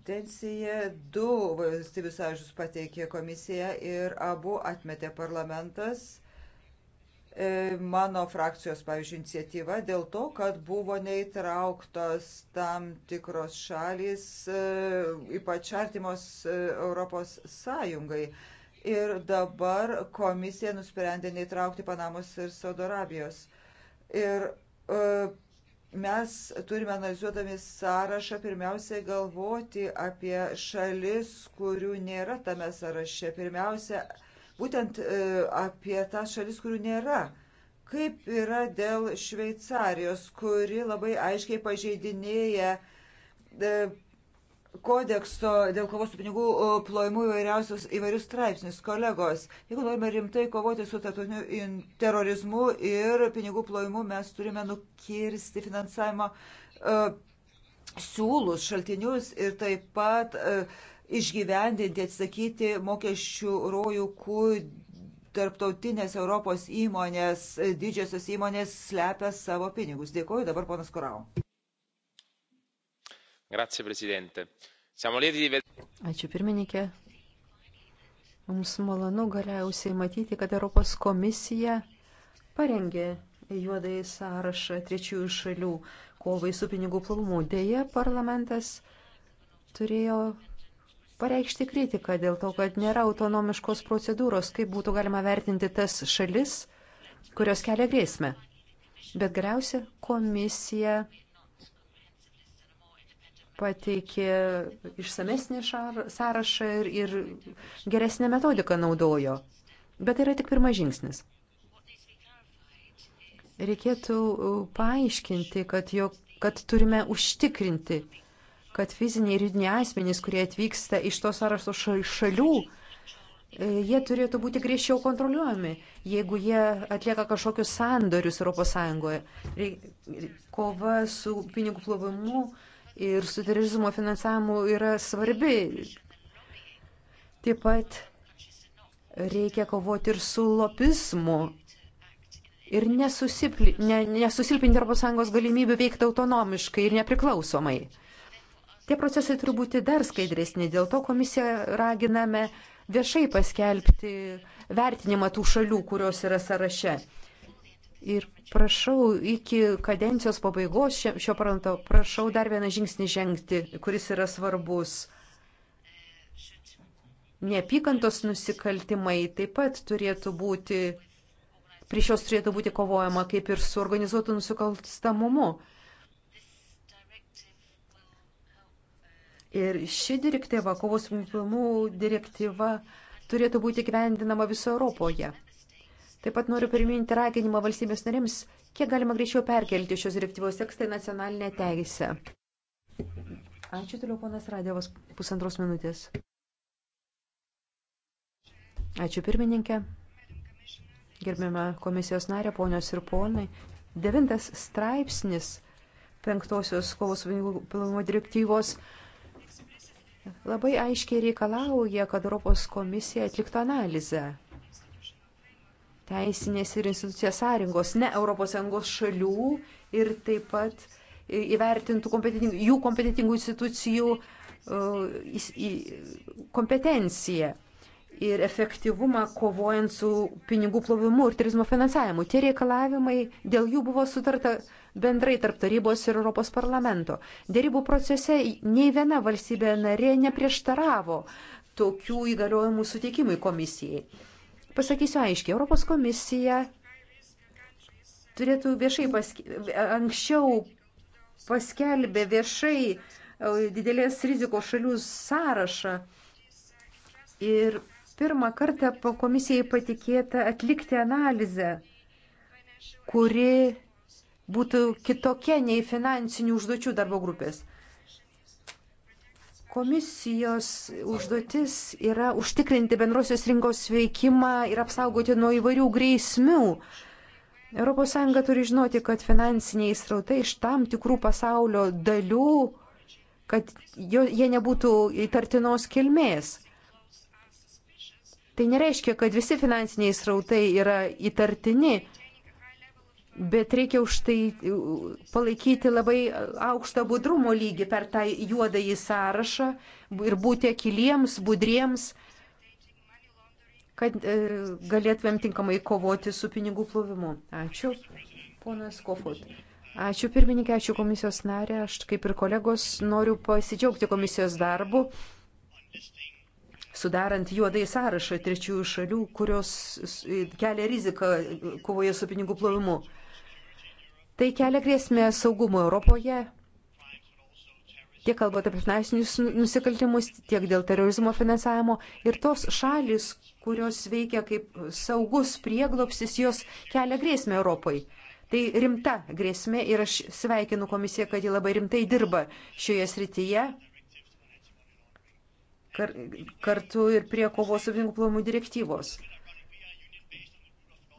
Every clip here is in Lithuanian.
kadenciją du valstybių sąžus pateikė komisija ir abu atmetė parlamentas e, mano frakcijos, pavyzdžiui, iniciatyva dėl to, kad buvo neįtrauktos tam tikros šalys, e, ypač artimos e, Europos Sąjungai. Ir dabar komisija nusprendė neįtraukti Panamos ir Saudo Arabijos. Ir Mes turime analizuodami sąrašą pirmiausiai galvoti apie šalis, kurių nėra tame sąraše. Pirmiausia, būtent e, apie tas šalis, kurių nėra. Kaip yra dėl Šveicarijos, kuri labai aiškiai pažeidinėja e, kodekso dėl kovos su pinigų plojimu įvairiausius įvairius straipsnius. Kolegos, jeigu norime rimtai kovoti su tarptautiniu terorizmu ir pinigų plojimu, mes turime nukirsti finansavimo uh, siūlus, šaltinius ir taip pat uh, išgyvendinti, atsakyti mokesčių rojų, kur tarptautinės Europos įmonės, didžiosios įmonės slepia savo pinigus. Dėkuoju dabar, ponas Kurau. Ačiū pirmininkė. Mums malonu galiausiai matyti, kad Europos komisija parengė juodąjį sąrašą trečiųjų šalių kovai su pinigų plovimu. Deja, parlamentas turėjo pareikšti kritiką dėl to, kad nėra autonomiškos procedūros, kaip būtų galima vertinti tas šalis, kurios kelia grėsmę. Bet galiausia komisija pateikė išsamesnį šar, sąrašą ir, ir geresnę metodiką naudojo. Bet tai yra tik pirmas žingsnis. Reikėtų paaiškinti, kad, jo, kad turime užtikrinti, kad fiziniai ir judiniai asmenys, kurie atvyksta iš to sąrašo šalių, e, jie turėtų būti griežčiau kontroliuojami, jeigu jie atlieka kažkokius sandorius ES. Kova su pinigų plovimu ir su terorizmo finansavimu yra svarbi. Taip pat reikia kovoti ir su lobizmu ir nesusipli, ne, nesusilpinti ES galimybių veikti autonomiškai ir nepriklausomai. Tie procesai turi būti dar skaidresni, dėl to komisiją raginame viešai paskelbti vertinimą tų šalių, kurios yra sąraše. Ir prašau, iki kadencijos pabaigos šio, šio paranto, prašau dar vieną žingsnį žengti, kuris yra svarbus. Neapykantos nusikaltimai taip pat turėtų būti, prieš jos turėtų būti kovojama kaip ir su organizuotu nusikalstamumu. Ir ši direktyva, kovos su mumpimu direktyva, turėtų būti gyvendinama viso Europoje. Taip pat noriu priminti raginimą valstybės narėms, kiek galima greičiau perkelti šios direktyvos tekstą į nacionalinę teisę. Ačiū toliau, ponas Radėvas, pusantros minutės. Ačiū pirmininkė. Gerbiame komisijos narę, ponios ir ponai. Devintas straipsnis penktosios kovos pilnumo direktyvos labai aiškiai reikalauja, kad Europos komisija atliktų analizę teisinės ir institucijos sąringos ne ES šalių ir taip pat įvertintų kompetitingų, jų kompetitingų institucijų e, kompetenciją ir efektyvumą kovojant su pinigų plovimu ir turizmo finansavimu. Tie reikalavimai dėl jų buvo sutarta bendrai tarp tarybos ir Europos parlamento. Dėrybų procese nei viena valstybė narė neprieštaravo tokių įgaliojimų suteikimui komisijai. Pasakysiu aiškiai, Europos komisija turėtų viešai paske, anksčiau paskelbė viešai e, didelės rizikos šalių sąrašą ir pirmą kartą po komisijai patikėta atlikti analizę, kuri būtų kitokia nei finansinių užduočių darbo grupės. Komisijos užduotis yra užtikrinti bendrosios rinkos veikimą ir apsaugoti nuo įvairių grėsmių. ES turi žinoti, kad finansiniai srautai iš tam tikrų pasaulio dalių, kad jo, jie nebūtų įtartinos kilmės. Tai nereiškia, kad visi finansiniai srautai yra įtartini Bet reikia už tai palaikyti labai aukštą budrumo lygį per tą juodąjį sąrašą ir būti akiliems, budriems, kad e, galėtumėm tinkamai kovoti su pinigų plovimu. Ačiū, ponas Kofut. Ačiū pirmininkė, ačiū komisijos narė. Aš kaip ir kolegos noriu pasidžiaugti komisijos darbu, sudarant juodai sąrašą trečiųjų šalių, kurios kelia riziką kovoje su pinigų plovimu. Tai kelia grėsmė saugumo Europoje, tiek kalbant apie finansinius nusikaltimus, tiek dėl terorizmo finansavimo. Ir tos šalis, kurios veikia kaip saugus prieglopsis, jos kelia grėsmę Europai. Tai rimta grėsmė ir aš sveikinu komisiją, kad ji labai rimtai dirba šioje srityje. Kar, kartu ir prie kovos su vingų plovimų direktyvos.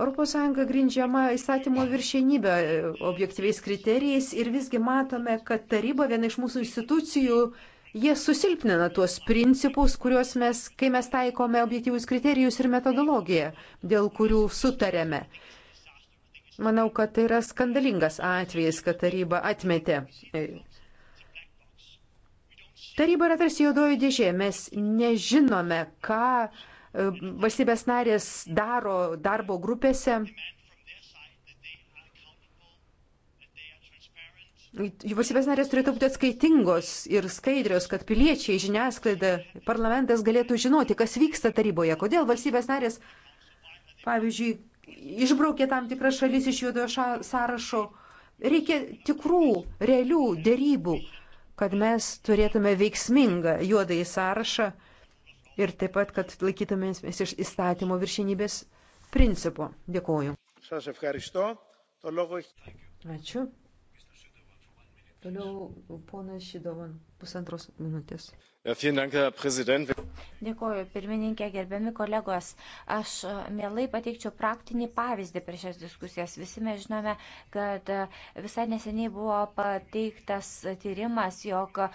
ES grindžiama įstatymo viršienybė e, objektyviais kriterijais ir visgi matome, kad taryba viena iš mūsų institucijų, jie susilpnina tuos principus, kuriuos mes, kai mes taikome objektyvius kriterijus ir metodologiją, dėl kurių sutarėme. Manau, kad tai yra skandalingas atvejis, kad taryba atmetė e, Taryba yra tarsi juodoji dėžė, mes nežinome, ką E, valstybės narės daro darbo grupėse. Valstybės narės turėtų būti atskaitingos ir skaidrios, kad piliečiai, žiniasklaida, parlamentas galėtų žinoti, kas vyksta taryboje, kodėl valstybės narės, pavyzdžiui, išbraukė tam tikras šalis iš juodojo sąrašo. Reikia tikrų, realių dėrybų, kad mes turėtume veiksmingą juodąjį sąrašą ir taip pat, kad laikytumės iš įstatymo viršinybės principo. Dėkoju. Ačiū. Toliau ponas Šidovan pusantros minutės. Dėkuoju, pirmininkė, gerbiami kolegos. Aš e, mielai pateikčiau praktinį pavyzdį per šias diskusijas. Visi mes žinome, kad e, visai neseniai buvo pateiktas tyrimas, jog e,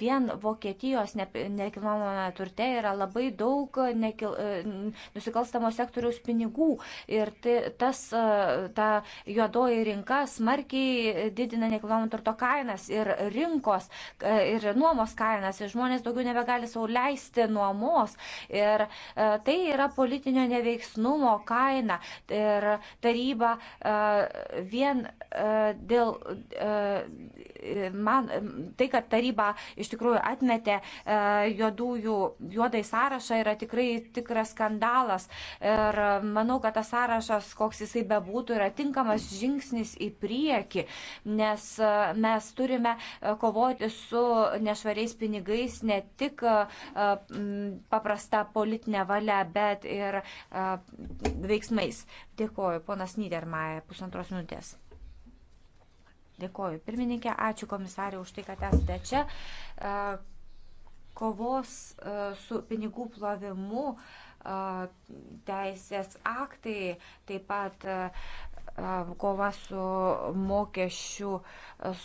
vien Vokietijos nekilnojamame turte yra labai daug nekil... nusikalstamo sektoriaus pinigų ir tas, ta juodoji rinka smarkiai didina nekilnojamo turto kainas ir rinkos e, ir nuomos kainas ir žmonės daugiau nebegali sauliaisti nuomos. Ir e, tai yra politinio neveiksnumo kaina. Ir taryba e, vien dėl man, tai, kad taryba iš tikrųjų atmetė juodųjų, juodai sąrašą, yra tikrai tikras skandalas. Ir manau, kad tas sąrašas, koks jisai bebūtų, yra tinkamas žingsnis į priekį, nes mes turime kovoti su nešvariais pinigais ne tik paprasta politinė valia, bet ir veiksmais. Dėkoju, ponas Niedermaja, pusantros minutės. Dėkoju, pirmininkė, ačiū komisarė už tai, kad esate čia. Kovos su pinigų plovimu teisės aktai, taip pat kova su mokesčių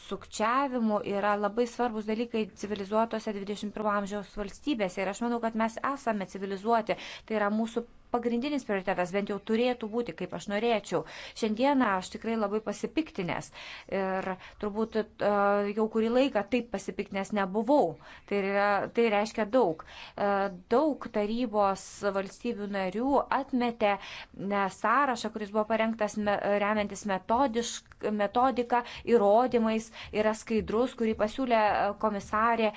sukčiavimu yra labai svarbus dalykai civilizuotose 21 amžiaus valstybėse. Ir aš manau, kad mes esame civilizuoti. Tai yra mūsų pagrindinis prioritetas, bent jau turėtų būti, kaip aš norėčiau. Šiandieną aš tikrai labai pasipiktinęs ir turbūt e, jau kurį laiką taip pasipiktinęs nebuvau. Tai, yra, tai reiškia daug. E, daug tarybos valstybių narių atmetė e, sąrašą, kuris buvo parengtas remiantis metodiškai metodika, įrodymais yra skaidrus, kurį pasiūlė e, komisarė e,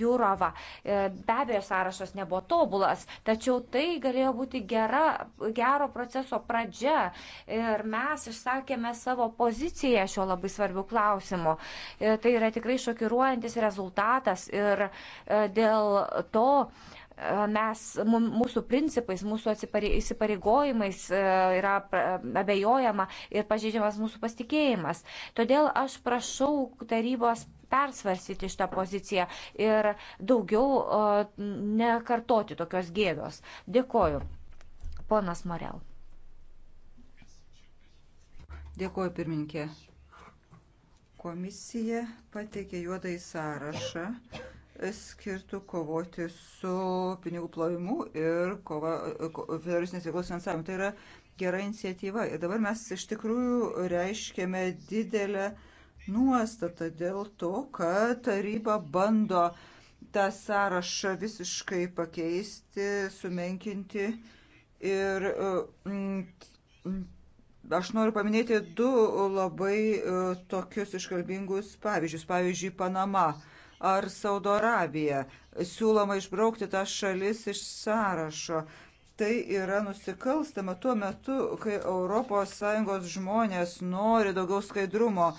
Jūrova. E, be abejo, sąrašas nebuvo tobulas, tačiau tai galėjo būti gera, gero proceso pradžia ir mes išsakėme savo poziciją šio labai svarbių klausimų. Tai yra tikrai šokiruojantis rezultatas ir dėl to, mes, mūsų principais, mūsų įsipareigojimais e, yra abejojama ir pažeidžiamas mūsų pasitikėjimas. Todėl aš prašau tarybos persvarsyti šitą poziciją ir daugiau e, nekartoti tokios gėdos. Dėkoju. Ponas Morel. Dėkoju, pirminkė. Komisija pateikė juodai sąrašą skirtų kovoti su pinigų plovimu ir kova, ko, virusinės veiklos finansavimu. Tai yra gera iniciatyva. Ir dabar mes iš tikrųjų reiškėme didelę nuostatą dėl to, kad taryba bando tą sąrašą visiškai pakeisti, sumenkinti. Ir mm, mm aš noriu paminėti du labai e, tokius iškalbingus pavyzdžius. Pavyzdžiui, Panama. Uh, ar Saudo Arabija. Siūloma išbraukti tas šalis iš sąrašo. Tai yra nusikalstama tuo metu, kai ES žmonės nori daugiau skaidrumo.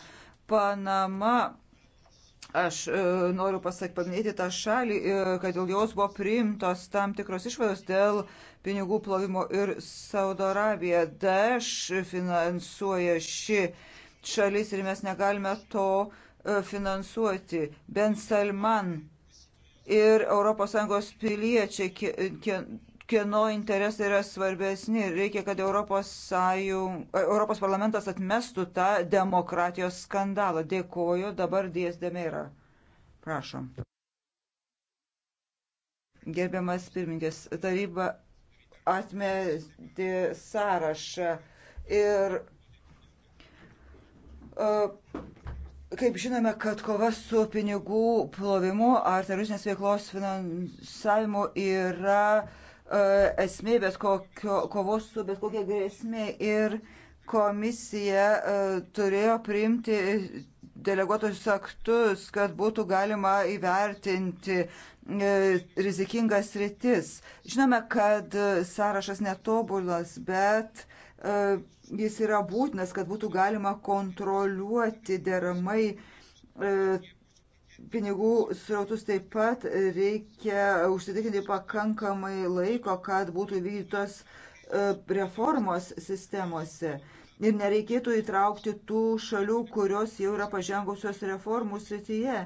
Panama Aš e, noriu pasak, paminėti tą šalį, e, kad dėl jos buvo priimtos tam tikros išvados dėl pinigų plovimo ir Saudo Arabija. Daesh finansuoja ši šalis ir mes negalime to E, finansuoti. Ben Salman ir ES piliečiai, kieno interesai yra svarbesni. Reikia, kad ES, e, Europos parlamentas atmestų tą demokratijos skandalą. Dėkoju, dabar dėsdėme yra. Prašom. Gerbiamas pirmininkės, taryba atmetė sąrašą ir uh, Kaip žinome, kad kova su pinigų plovimu ar teroristinės veiklos finansavimu yra uh, esmė bet kokio, kovos su bet kokia grėsmė ir komisija uh, turėjo priimti deleguotus aktus, kad būtų galima įvertinti uh, rizikingas rytis. Žinome, kad sąrašas netobulas, bet uh, E, jis yra būtinas, kad būtų galima kontroliuoti deramai e, pinigų srautus taip pat reikia užsitikrinti pakankamai laiko, kad būtų vykdytos e, reformos sistemose. Ir nereikėtų įtraukti tų šalių, kurios jau yra pažengusios reformų srityje.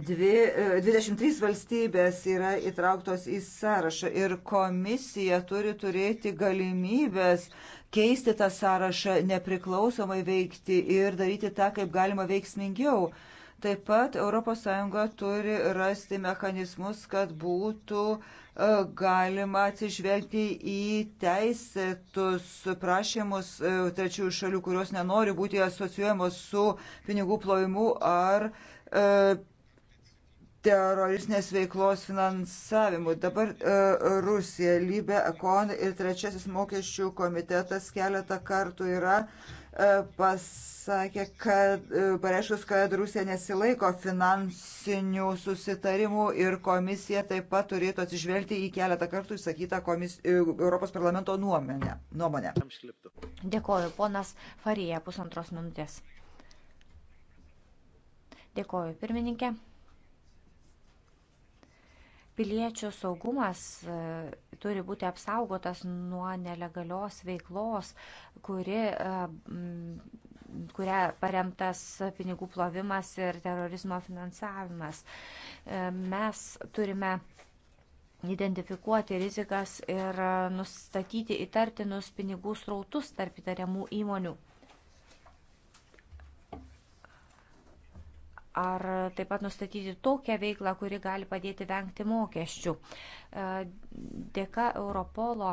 Dvi, 23 e, valstybės yra įtrauktos į sąrašą ir komisija turi turėti galimybės keisti tą sąrašą, nepriklausomai veikti ir daryti tą, kaip galima veiksmingiau. Taip pat ES turi rasti mechanizmus, kad būtų e, galima atsižvelgti į teisėtus prašymus e, trečiųjų šalių, kurios nenori būti asocijuojamos su pinigų plovimu ar teroristinės veiklos finansavimu. Dabar e, Rusija, Libė, Ekon ir trečiasis mokesčių komitetas keletą kartų yra e, pasakę, kad e, pareiškus, kad Rusija nesilaiko finansinių susitarimų ir komisija taip pat turėtų atsižvelgti į keletą kartų išsakytą komis, e, Europos parlamento nuomenę, nuomonę. Dėkoju, ponas Farija, pusantros minutės. Dėkoju, pirmininkė. Piliečių saugumas e, turi būti apsaugotas nuo nelegalios veiklos, kuri, e, kuria paremtas pinigų plovimas ir terorizmo finansavimas. E, mes turime identifikuoti rizikas ir nustatyti įtartinus pinigų srautus tarp įtariamų įmonių. ar taip pat nustatyti tokią veiklą, kuri gali padėti vengti mokesčių. E, dėka Europolo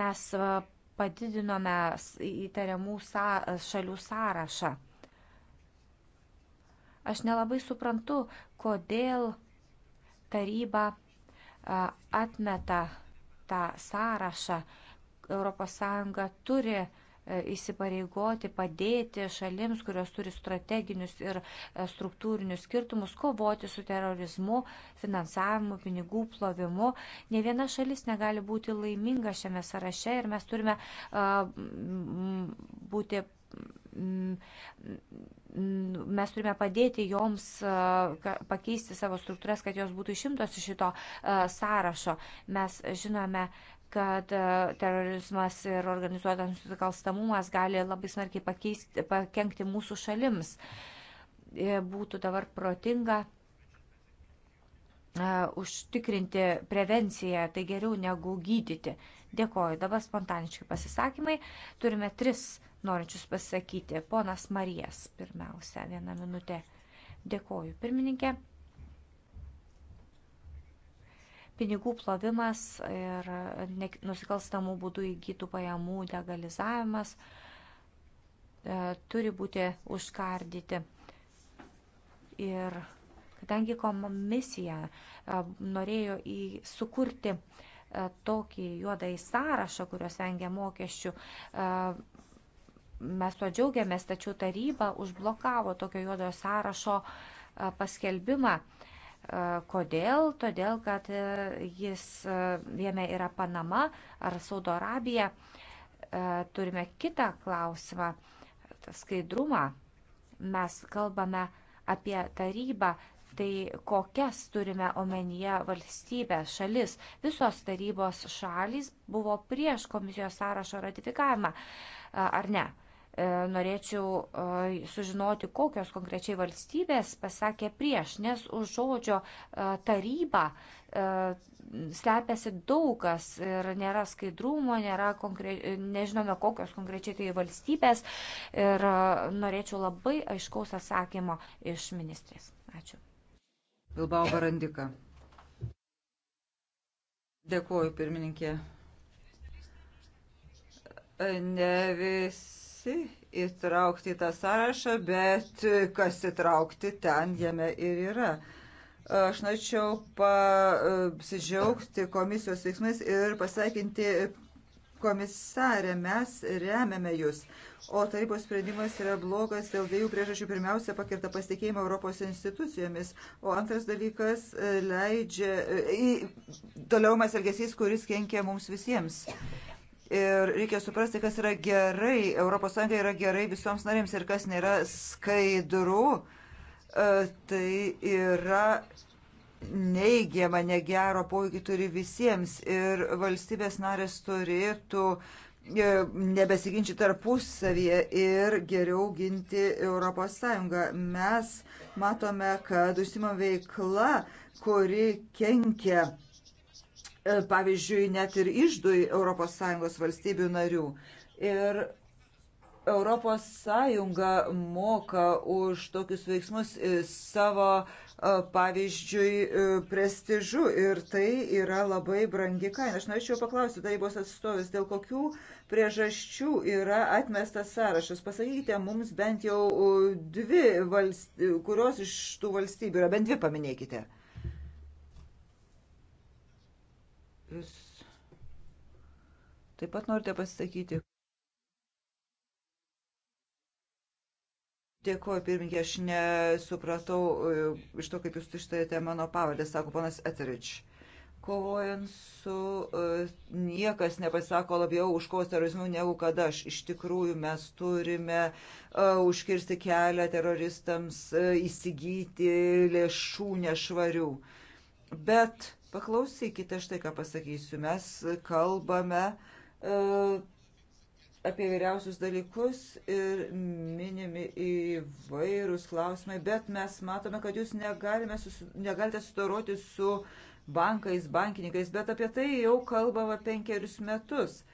mes e, padidinome įtariamų šalių sąrašą. Aš nelabai suprantu, kodėl taryba e, atmeta tą sąrašą. ES turi uh, E, įsipareigoti padėti šalims, kurios turi strateginius ir e, struktūrinius skirtumus, kovoti su terorizmu, finansavimu, pinigų plovimu. Ne viena šalis negali būti laiminga šiame sąraše ir mes turime e, būti. Mes turime padėti joms pakeisti savo struktūras, kad jos būtų išimtos iš šito sąrašo. Mes žinome, kad e, terorizmas ir organizuotas nusikalstamumas gali labai smarkiai pakeisti, pakengti mūsų šalims. E, būtų dabar protinga e, užtikrinti prevenciją, tai geriau negu gydyti. Dėkoju. Dabar spontaniški pasisakymai. Turime tris norinčius pasakyti. Ponas Marijas pirmiausia, vieną minutę. Dėkoju, pirmininkė pinigų plovimas ir nusikalstamų būdų įgytų pajamų legalizavimas e, turi būti užkardyti. Ir kadangi komisija e, norėjo į sukurti e, tokį juodąjį sąrašą, kurios vengia mokesčių, mes to džiaugiamės, tačiau taryba užblokavo tokio juodojo sąrašo paskelbimą E, kodėl? Todėl, kad e, jis e, jame yra Panama ar Saudo Arabija. Turime kitą klausimą - skaidrumą. Mes kalbame apie tarybą, tai kokias turime omenyje valstybės, šalis. Visos tarybos šalis buvo prieš komisijos sąrašo ratifikavimą, ar ne? E, norėčiau e, sužinoti, kokios konkrečiai valstybės pasakė prieš, nes už žodžio e, tarybą slepiasi daugas ir nėra skaidrumo, nėra konkre... nežinome, kokios konkrečiai tai valstybės ir norėčiau labai aiškaus atsakymo iš ministrės. Ačiū. Bilbao Barandika. Dėkuoju, pirmininkė. Ne visi visi įtraukti į tą sąrašą, bet kas įtraukti ten jame ir yra. Aš norėčiau pasidžiaugti komisijos veiksmais ir pasakinti komisarę, mes remiame jūs. O tarybos sprendimas yra blogas dėl dviejų priežasčių. Pirmiausia, pakirta pasitikėjimą Europos institucijomis, o antras dalykas leidžia į toliaumas elgesys, kuris kenkia mums visiems. Ir reikia suprasti, kas yra gerai, ES yra gerai visoms narėms ir kas nėra skaidru, e, tai yra neigiama, negero poveikį turi visiems ir valstybės narės turėtų e, nebesiginčyti tarpusavyje ir geriau ginti ES. Mes matome, kad užsima veikla, kuri kenkia E, pavyzdžiui, net ir išdui ES valstybių narių. Ir ES moka už tokius veiksmus e, savo, e, pavyzdžiui, prestižu ir tai yra labai brangi kaina. Aš norėčiau paklausti tarybos atstovės, dėl kokių priežasčių yra atmestas sąrašas. Pasakykite mums bent jau dvi, valst... kurios iš tų valstybių yra, bent dvi paminėkite. Jūs taip pat norite pasisakyti. Dėkuoju, pirmininkė, aš nesupratau e, iš to, kaip jūs ištarėte mano pavardę, sako ponas Eterič. Kovojant su e, niekas nepasako labiau už kovos terorizmų negu kad aš. Iš tikrųjų, mes turime uh, užkirsti kelią teroristams uh, įsigyti lėšų nešvarių. Bet uh, Paklausykite štai, ką pasakysiu. Mes kalbame e, apie vyriausius dalykus ir minimi įvairūs klausimai, bet mes matome, kad jūs susi, negalite susidoroti su bankais, bankininkais, bet apie tai jau kalbama penkerius metus.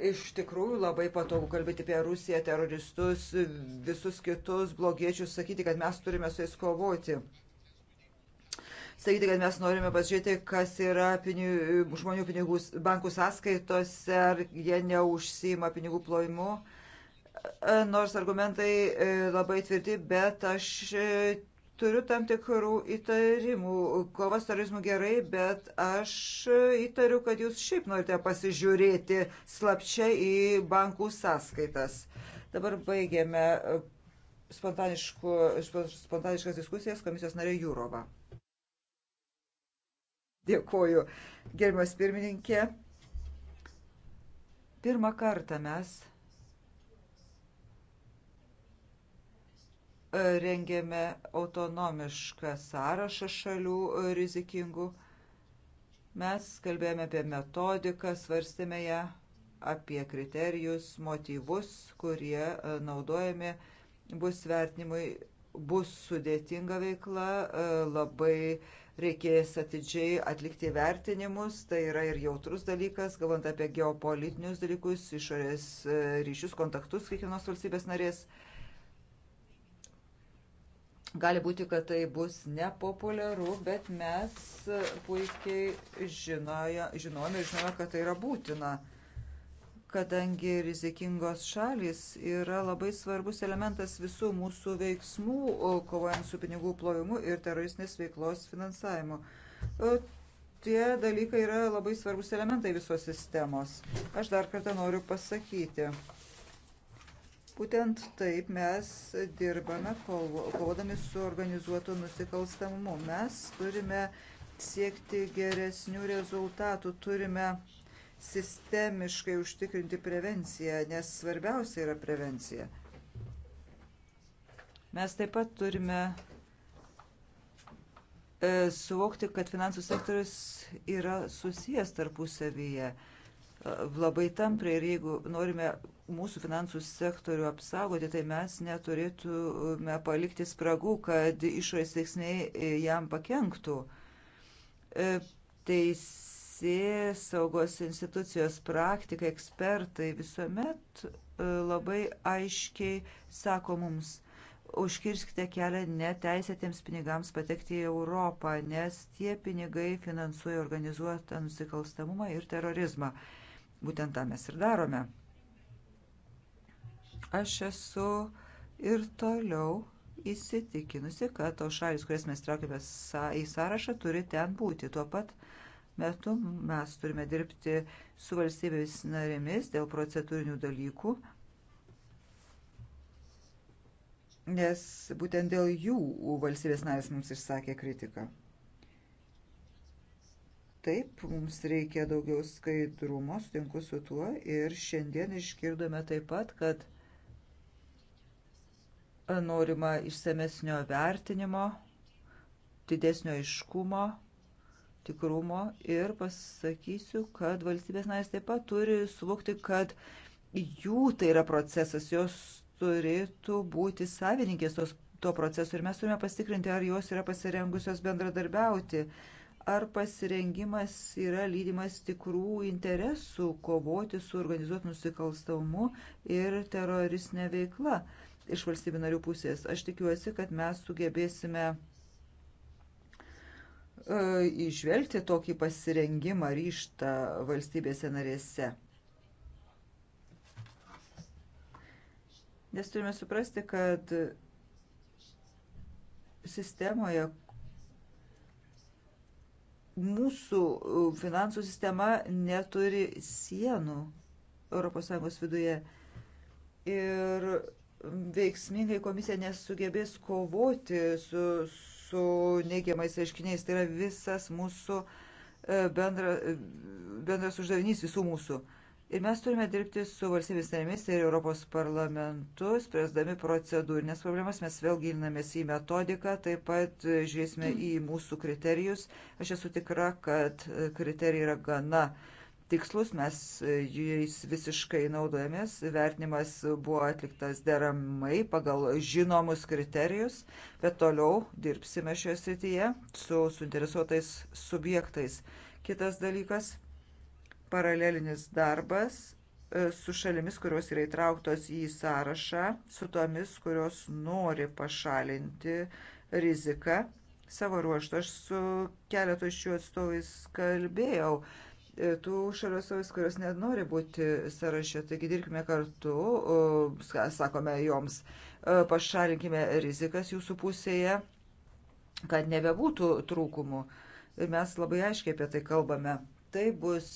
Iš tikrųjų labai patogu kalbėti apie Rusiją, teroristus, visus kitus blogiečius, sakyti, kad mes turime su jais kovoti sakyti, kad mes norime pažiūrėti, kas yra pinigų, žmonių pinigų bankų sąskaitose, ar jie neužsima pinigų plojimu. E, nors argumentai e, labai tvirti, bet aš e, turiu tam tikrų įtarimų. Kova su terorizmu gerai, bet aš įtariu, kad jūs šiaip norite pasižiūrėti slapčia į bankų sąskaitas. Dabar baigėme spontaniškas diskusijas komisijos narė Jūrova. Dėkuoju. Gerbiamas pirmininkė, pirmą kartą mes e, rengėme autonomišką sąrašą šalių e, rizikingų. Mes kalbėjome apie metodiką, svarstėme ją, apie kriterijus, motyvus, kurie e, naudojami bus vertinimui, bus sudėtinga veikla, labai reikės atidžiai atlikti vertinimus, tai yra ir jautrus dalykas, galvant apie geopolitinius dalykus, išorės e, ryšius, kontaktus kiekvienos valstybės narės. Gali būti, kad tai bus nepopuliaru, bet mes puikiai žinojo, žinome ir žinome, kad tai yra būtina kadangi rizikingos šalis yra labai svarbus elementas visų mūsų veiksmų, kovojant su pinigų plovimu ir teroristinės veiklos finansavimu. Tie dalykai yra labai svarbus elementai visos sistemos. Aš dar kartą noriu pasakyti. Būtent taip mes dirbame, kovodami su organizuotu nusikalstamumu. Mes turime siekti geresnių rezultatų, turime sistemiškai užtikrinti prevenciją, nes svarbiausia yra prevencija. Mes taip pat turime e, suvokti, kad finansų sektorius yra susijęs tarpusavyje e, labai tampriai ir jeigu norime mūsų finansų sektorių apsaugoti, tai mes neturėtume palikti spragų, kad išorės veiksniai e, jam pakenktų. Teis teisė saugos institucijos praktikai, ekspertai visuomet e, labai aiškiai sako mums, užkirskite kelią neteisėtiems pinigams patekti į Europą, nes tie pinigai finansuoja organizuotą nusikalstamumą ir terorizmą. Būtent tą mes ir darome. Aš esu ir toliau įsitikinusi, kad tos šalis, kurias mes traukėme į sąrašą, turi ten būti. Tuo pat uh, metu mes turime dirbti su valstybės narėmis dėl procedūrinių dalykų, nes būtent dėl jų valstybės narės mums išsakė kritiką. Taip, mums reikia daugiau skaidrumo, sutinku su tuo ir šiandien išgirdome taip pat, kad norima išsamesnio vertinimo, didesnio iškumo tikrumo ir pasakysiu, kad valstybės narės taip pat turi suvokti, kad jų tai yra procesas, jos turėtų būti savininkės tos, to proceso ir mes turime pasitikrinti, ar jos yra pasirengusios bendradarbiauti, ar pasirengimas yra lydimas tikrų interesų kovoti su organizuotų nusikalstamumu ir teroristinė veikla iš valstybių narių pusės. Aš tikiuosi, kad mes sugebėsime išvelgti e, tokį pasirengimą ryštą valstybėse narėse. Nes turime suprasti, kad sistemoje mūsų finansų sistema neturi sienų ES viduje. Ir veiksmingai komisija nesugebės kovoti su su neigiamais aiškiniais. Tai yra visas mūsų e, bendra, e, bendras uždavinys visų mūsų. Ir mes turime dirbti su valstybės narėmis ir Europos parlamentu, spręsdami procedūrinės problemas. Mes vėl gilinamės į metodiką, taip pat žiūrėsime į mūsų kriterijus. Aš esu tikra, kad kriterijai yra gana uh, tikslus, mes e, jais visiškai naudojamės, vertinimas buvo atliktas deramai pagal žinomus kriterijus, bet toliau dirbsime šioje srityje su suinteresuotais subjektais. Kitas dalykas - paralelinis darbas e, su šalimis, kurios yra įtrauktos į sąrašą, su tomis, kurios nori pašalinti riziką. Savo ruoštų aš su keletu iš jų atstovais kalbėjau E, tų šalių atstovais, kurios nenori būti sąraše. Taigi dirbkime kartu, sakome joms, e, pašalinkime rizikas jūsų pusėje, kad nebebūtų trūkumų. Ir mes labai aiškiai apie tai kalbame. Tai bus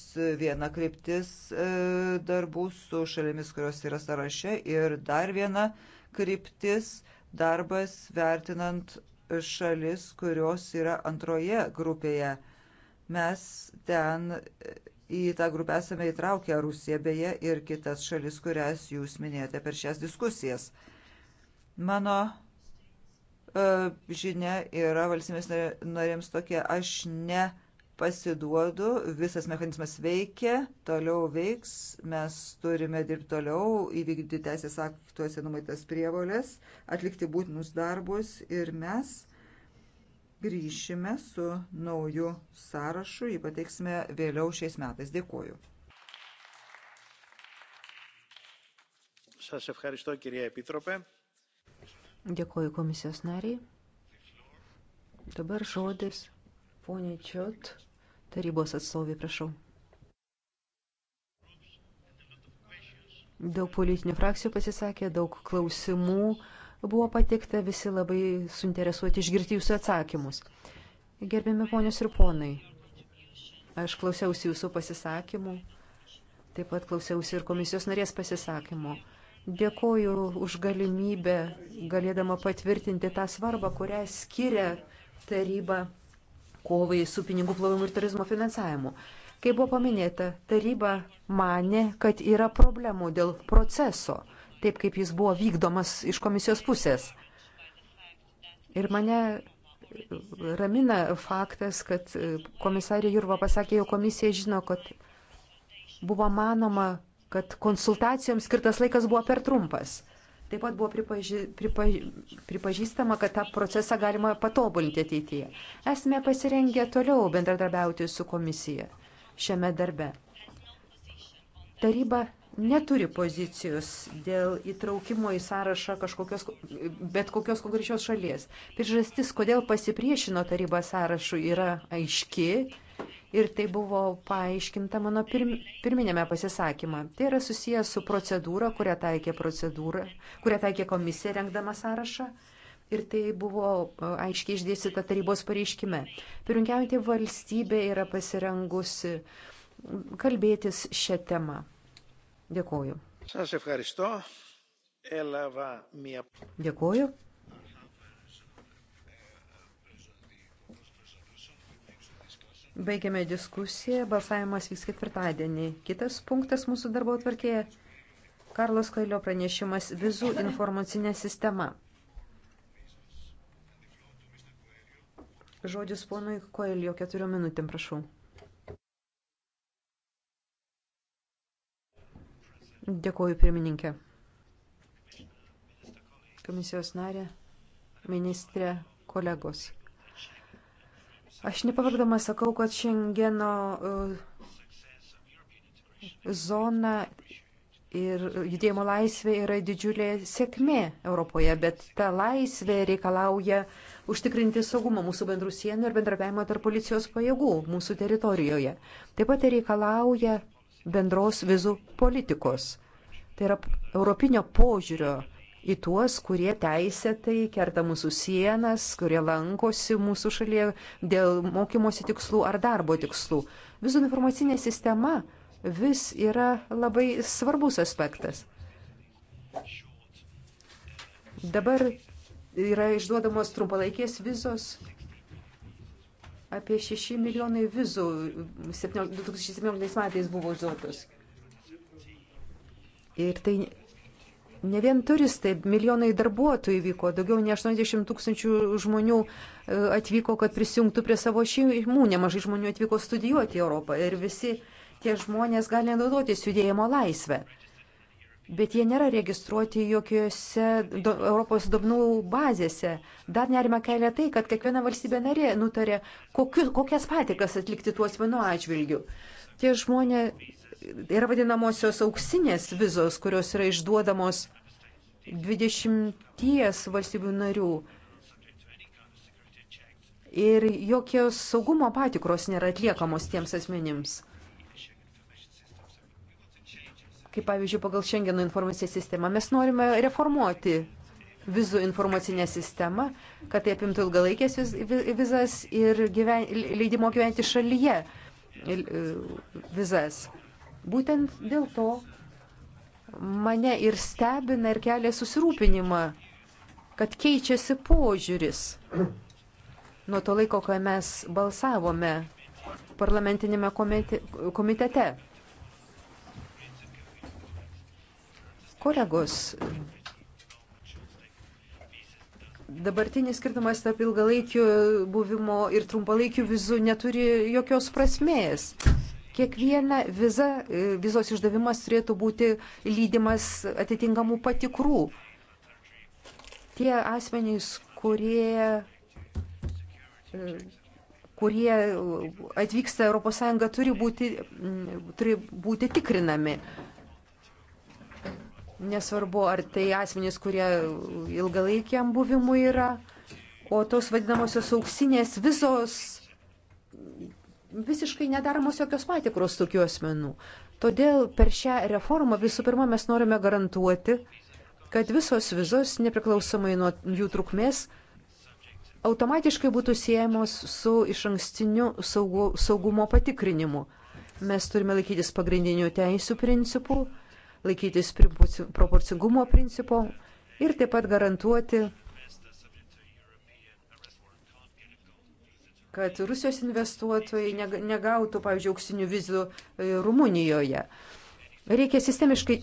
viena kryptis e, darbų su šalimis, kurios yra sąraše ir dar viena kryptis darbas vertinant šalis, kurios yra antroje grupėje Mes ten e, į tą grupę esame įtraukę Rusiją beje ir kitas šalis, kurias jūs minėjote per šias diskusijas. Mano e, žinia yra valstybės narėms tokia, aš ne pasiduodu, visas mechanizmas veikia, toliau veiks, mes turime dirbti toliau, įvykdyti teisės aktuose numaitas prievolės, atlikti būtinus darbus ir mes grįšime su nauju sąrašu, jį pateiksime vėliau šiais metais. Dėkuoju. Σας ευχαριστώ κυρία Επίτροπε. Dėkuoju komisijos nariai. Dabar žodis ponė Čiot, tarybos atstovė, prašau. Daug politinių frakcijų pasisakė, daug klausimų buvo patikta, visi labai suinteresuoti išgirti jūsų atsakymus. Gerbiami ponios ir ponai, aš klausiausi jūsų pasisakymų, taip pat klausiausi ir komisijos narės pasisakymų. Dėkoju už galimybę, galėdama patvirtinti tą svarbą, kurią skiria taryba kovai su pinigų plovimu ir turizmo finansavimu. Kaip buvo paminėta, taryba mane, kad yra problemų dėl proceso taip kaip jis buvo vykdomas iš komisijos pusės. Ir mane ramina faktas, kad komisarė Jurva pasakė, jo komisija žino, kad buvo manoma, kad konsultacijoms skirtas laikas buvo per trumpas. Taip pat buvo pripaži, pripa, pripažįstama, kad tą procesą galima patobulinti ateityje. Esame pasirengę toliau bendradarbiauti su komisija šiame darbe. Taryba neturi pozicijos dėl įtraukimo į sąrašą kažkokios, bet kokios konkrečios šalies. Priežastis, kodėl pasipriešino taryba sąrašui, yra aiški ir tai buvo paaiškinta mano pirm, pirminėme pasisakymą. Tai yra susijęs su procedūra, kurią taikė, procedūra, kurią taikė komisija rengdama sąrašą. Ir tai buvo aiškiai išdėstyta tarybos pareiškime. Pirinkiaujantį valstybė yra pasirengusi kalbėtis šią temą. Dėkoju. Dėkoju. Baigiame diskusiją, balsavimas vyks ketvirtadienį. Kitas punktas mūsų darbo atvarkėje - Karlos Kailio pranešimas vizų informacinė sistema. Žodis ponui Koelio keturiom minutėm, prašau. Dėkuoju, pirmininkė. Komisijos narė, ministrė, kolegos. Aš nepavargdama sakau, kad Šengeno e, zona ir judėjimo laisvė yra didžiulė sėkmė Europoje, bet ta laisvė reikalauja užtikrinti saugumą mūsų bendrų sienų ir bendrabiavimo tarp policijos pajėgų mūsų teritorijoje. Taip pat tai reikalauja bendros vizų politikos. Tai yra europinio požiūrio į tuos, kurie teisėtai kerta mūsų sienas, kurie lankosi mūsų šalyje dėl mokymosi tikslų ar darbo tikslų. Vizų informacinė sistema vis yra labai svarbus aspektas. Dabar yra išduodamos trumpalaikės vizos Apie 6 milijonai vizų 2017 metais buvo užduotos. Ir tai ne vien turistai, milijonai darbuotojų vyko, daugiau nei 80 tūkstančių žmonių e, atvyko, kad prisijungtų prie savo šeimų, nemažai žmonių atvyko studijuoti į Europą ir visi tie žmonės gali naudotis judėjimo laisvę bet jie nėra registruoti jokiuose do, Europos duomenų bazėse. Dar nerima kelia tai, kad kiekviena valstybė narė nutarė, kokiu, kokias patikras atlikti tuos asmenų atžvilgių. Tie žmonės yra vadinamosios auksinės vizos, kurios yra išduodamos 20 valstybių narių. Ir jokios saugumo patikros nėra atliekamos tiems asmenims kaip pavyzdžiui pagal Šengeno informacinę sistemą. Mes norime reformuoti vizų informacinę sistemą, kad tai apimtų ilgalaikės vizas ir gyven, leidimo gyventi šalyje e, vizas. Būtent dėl to mane ir stebina ir kelia susirūpinimą, kad keičiasi požiūris. Nuo to laiko, kai mes balsavome parlamentinėme komitete. Kolegos, dabartinis skirtumas tarp ilgalaikių buvimo ir trumpalaikių vizų neturi jokios prasmės. Kiekviena viza, e, vizos išdavimas turėtų būti lydimas atitinkamų patikrų. Tie asmenys, kurie e, kurie atvyksta ES turi būti, turi būti tikrinami. Nesvarbu, ar tai asmenys, kurie ilgalaikiam buvimui yra, o tos vadinamosios auksinės visos visiškai nedaromos jokios patikros tokių asmenų. Todėl per šią reformą visų pirma mes norime garantuoti, kad visos vizos, nepriklausomai nuo jų trukmės, automatiškai būtų siejamos su iš ankstiniu saugu, saugumo patikrinimu. Mes turime laikytis pagrindinių teisų principų laikytis proporcingumo principo ir taip pat garantuoti, kad Rusijos investuotojai negautų, pavyzdžiui, auksinių vizų e, Rumunijoje. Reikia sistemiškai.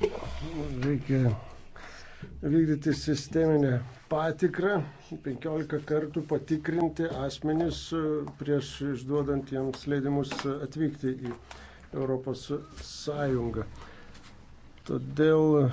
Reikia vykdyti sisteminę patikrą, 15 kartų patikrinti asmenis e, prieš išduodant jiems leidimus atvykti į Europos Sąjungą. Todėl e,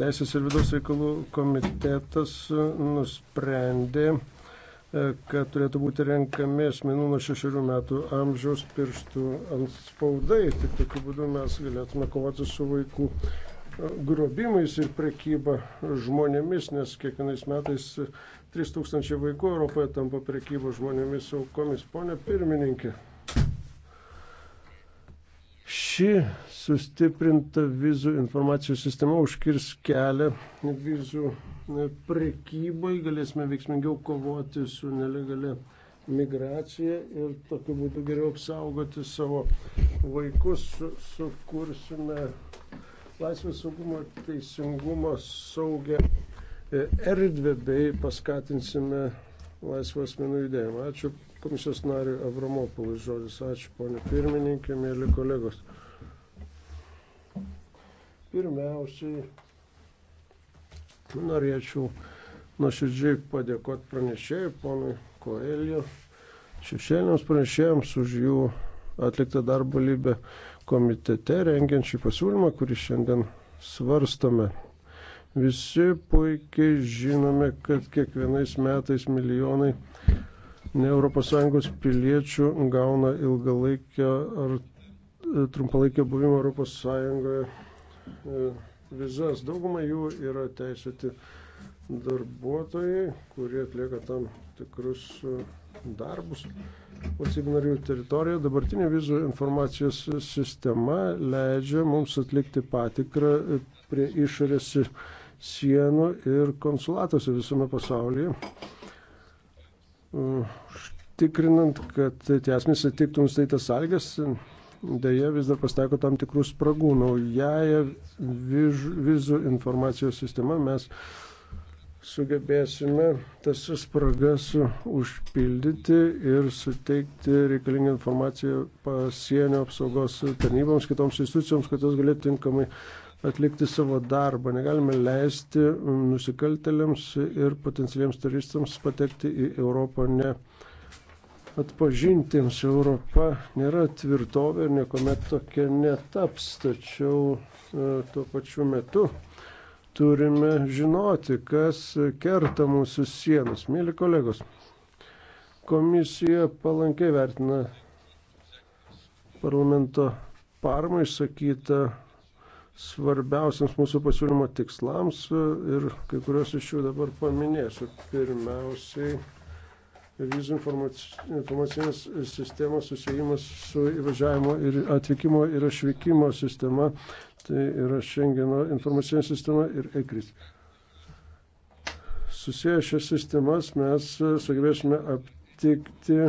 Teisės ir vidaus reikalų komitetas nusprendė, e, kad turėtų būti renkami asmenų nuo šešių metų amžiaus pirštų atspaudai. Tik tokiu būdu mes galėtume kovoti su vaikų e, grobimais ir prekyba žmonėmis, nes kiekvienais metais 3000 vaikų Europoje tampa prekyba žmonėmis aukomis. Pone pirmininkė, Ši sustiprinta vizų informacijų sistema užkirs kelią vizų prekybai, galėsime veiksmingiau kovoti su nelegalia migracija ir tokiu būdu geriau apsaugoti savo vaikus, su, sukursime laisvės saugumo ir teisingumo saugę e, erdvę bei paskatinsime laisvą asmenų judėjimą. Ačiū komisijos nariui Avramopolis žodis. Ačiū, ponė pirmininkė, mėly kolegos. Pirmiausiai norėčiau nuoširdžiai padėkoti pranešėjai, ponui Koelio, šešėliams pranešėjams už jų atliktą darbą lybę komitete, rengiančią pasiūlymą, kurį šiandien svarstome. Visi puikiai žinome, kad kiekvienais metais milijonai ES piliečių gauna ilgalaikio ar e, trumpalaikio buvimo ES e, vizas. Dauguma jų yra teisėti darbuotojai, kurie atlieka tam tikrus e, darbus valstybių narių teritorijoje. Dabartinė vizų informacijos sistema leidžia mums atlikti patikrą prie išorės sienų ir konsulatuose visame pasaulyje. Tikrinant, kad tie asmenys atitiktų nustatytas sąlygas, dėja vis dar pastaiko tam tikrų spragų. Naująją vizų informacijos sistemą mes sugebėsime tas spragas užpildyti ir suteikti reikalingą informaciją pasienio apsaugos tarnyboms, kitoms institucijoms, kad jos galėtų tinkamai atlikti savo darbą. Negalime leisti nusikaltelėms ir potencialiems turistams patekti į Europą ne atpažintiems. Europa nėra tvirtovė ir niekuomet tokia netaps, tačiau e, tuo pačiu metu turime žinoti, kas kerta mūsų sienas. Mėly kolegos, komisija palankiai vertina parlamento parmą išsakytą svarbiausiams mūsų pasiūlymo tikslams e, ir kai kurios iš jų dabar paminėsiu. Pirmiausiai, vizų informacinės sistemos susijimas su įvažiavimo ir atvykimo ir išvykimo sistema, tai yra Schengeno informacinė sistema ir ECRIS. Susiję šias sistemas mes e, sugebėsime aptikti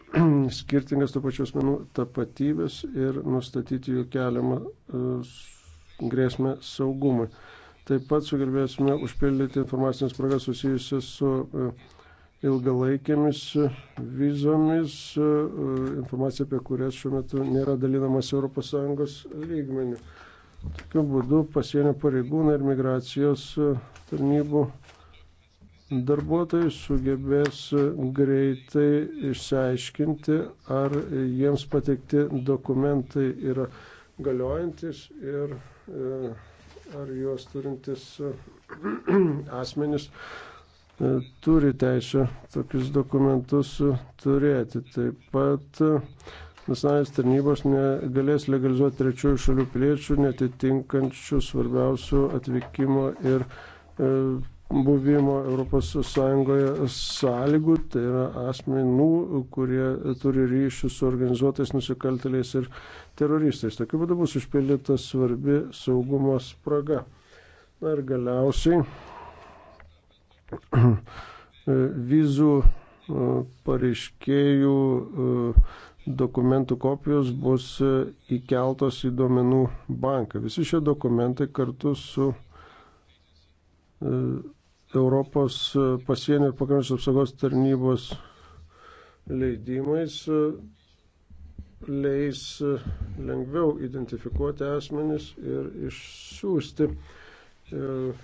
skirtingas to pačios menų tapatybės ir nustatyti jų keliamą uh, grėsmę saugumui. Taip pat sugebėsime užpildyti informacinės spragas susijusias su e, ilgalaikėmis e, vizomis, e, informacija apie kurias šiuo metu nėra dalinamas ES lygmenių. Tokiu būdu pasienio pareigūnai ir migracijos tarnybų darbuotojai sugebės greitai išsiaiškinti, ar jiems pateikti dokumentai yra galiojantis ir E, ar juos turintis e, asmenis e, turi teisę tokius dokumentus turėti. Taip pat nacionalinės tarnybos negalės legalizuoti trečiųjų šalių piliečių netitinkančių svarbiausių atvykimo ir buvimo ES sąlygų, tai yra asmenų, kurie turi ryšių su organizuotais nusikaltėliais ir teroristais. Tokiu būdu bus išpildyta svarbi saugumo spraga. Na ir galiausiai vizų e, pareiškėjų e, dokumentų kopijos bus e, įkeltos į duomenų banką. Visi šie dokumentai kartu su Europos e, pasienio ir pakrančių apsaugos tarnybos leidimais e, leis e, lengviau identifikuoti asmenis ir išsiųsti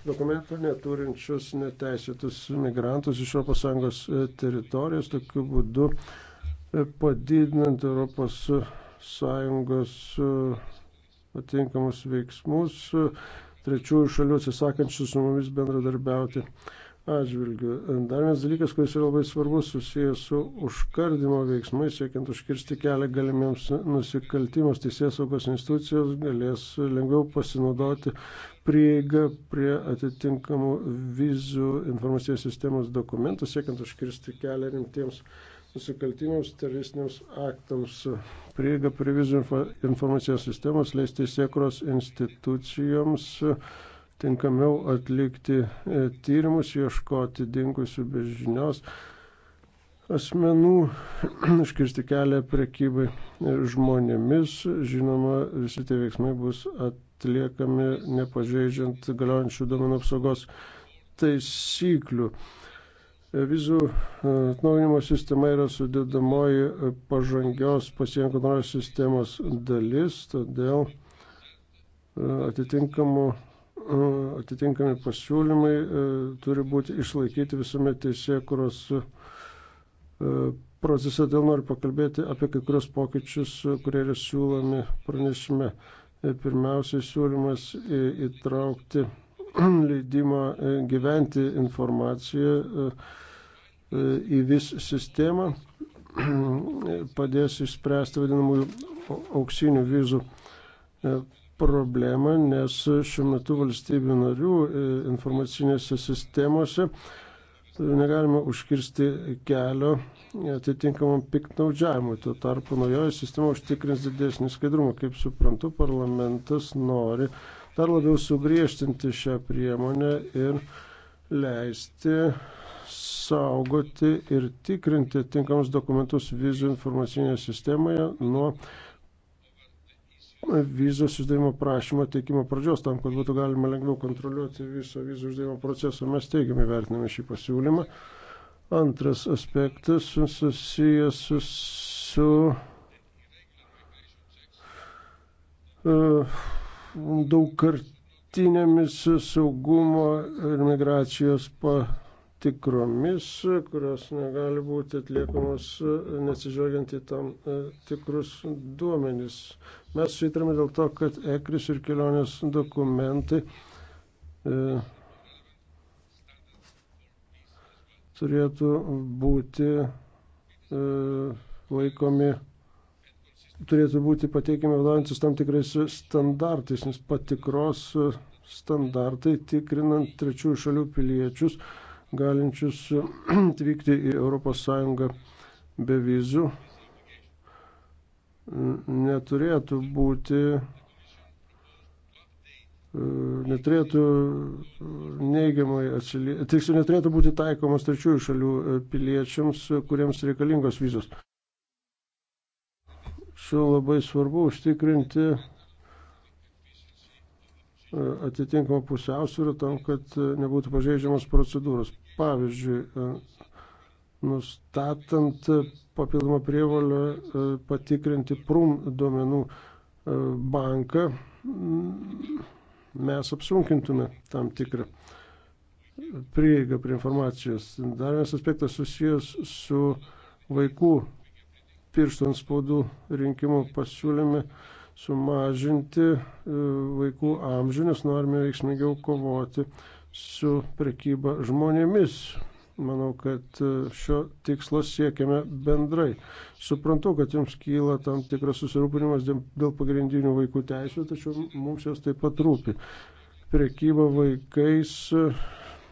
dokumentų neturinčius neteisėtus migrantus iš ES teritorijos, tokiu būdu padidinant ES atitinkamus veiksmus, trečiųjų šalių atsisakančių su mumis bendradarbiauti atžvilgių. Dar vienas dalykas, kuris yra labai svarbus, susijęs su užkardimo veiksmais, siekiant užkirsti kelią galimiems nusikaltimams, teisės saugos institucijos galės lengviau pasinaudoti prieigą prie atitinkamų vizų informacijos sistemos dokumentų, siekiant užkirsti kelią rimtiems nusikaltimams, teroristiniams aktams. Prieiga prie vizų informacijos sistemos leis teisėkros institucijoms tinkamiau atlikti e, tyrimus, ieškoti dingusių bežinios asmenų, iškirsti kelią prekybai e, žmonėmis. Žinoma, visi tie veiksmai bus atliekami nepažeidžiant galiojančių duomenų apsaugos taisyklių. Vizų e, atnaujinimo sistema yra sudėdamoji e, pažangios pasienio kontrolės sistemos dalis, todėl e, atitinkami pasiūlymai turi būti išlaikyti visame teisėkuros procese. Dėl noriu pakalbėti apie kai kurios pokyčius, kurie yra siūlomi pranešime. Pirmiausiai siūlymas įtraukti leidimą e, gyventi informaciją e, e, į vis sistemą, padės išspręsti vadinamųjų auksinių vizų problemą, nes šiuo metu valstybių narių informacinėse sistemose negalima užkirsti kelio atitinkamam piknaudžiavimui. Tuo tarpu naujoji sistema užtikrins didesnį skaidrumą. Kaip suprantu, parlamentas nori dar labiau sugriežtinti šią priemonę ir leisti saugoti ir tikrinti tinkamus dokumentus vizų informacinėje sistemoje nuo vizos išdavimo prašymo teikimo pradžios, tam, kad būtų galima lengviau kontroliuoti viso vizų išdavimo proceso. Mes teigiamai vertiname šį pasiūlymą. Antras aspektas susijęs su, su uh, daugkartinėmis saugumo ir migracijos patikromis, kurios negali būti atliekamos nesižvelgiant į tam e, tikrus duomenys. Mes suitrame dėl to, kad ekris ir kelionės dokumentai e, turėtų būti e, laikomi turėtų būti pateikiami vadovantis tam tikrais standartais, nes patikros standartai tikrinant trečiųjų šalių piliečius, galinčius atvykti į ES be vizų, neturėtų būti, e, neturėtų neigiamai atsiliepti, tiksliau neturėtų būti taikomas trečiųjų šalių e, piliečiams, kuriems reikalingos vizos. Šiuo labai svarbu užtikrinti e, atitinkamą pusiausvyrą tam, kad e, nebūtų pažeidžiamas procedūros. Pavyzdžiui, e, nustatant papildomą prievalę patikrinti prum duomenų banką, mes apsunkintume tam tikrą prieigą prie informacijos. Dar vienas aspektas susijęs su vaikų pirštų ant spaudų rinkimo pasiūlyme sumažinti e, vaikų amžių, nes norime veiksmingiau kovoti su prekyba žmonėmis. Manau, kad e, šio tikslo siekiame bendrai. Suprantu, kad jums kyla tam tikras susirūpinimas dėl pagrindinių vaikų teisų, tačiau mums jos taip pat rūpi. Prekyba vaikais, e,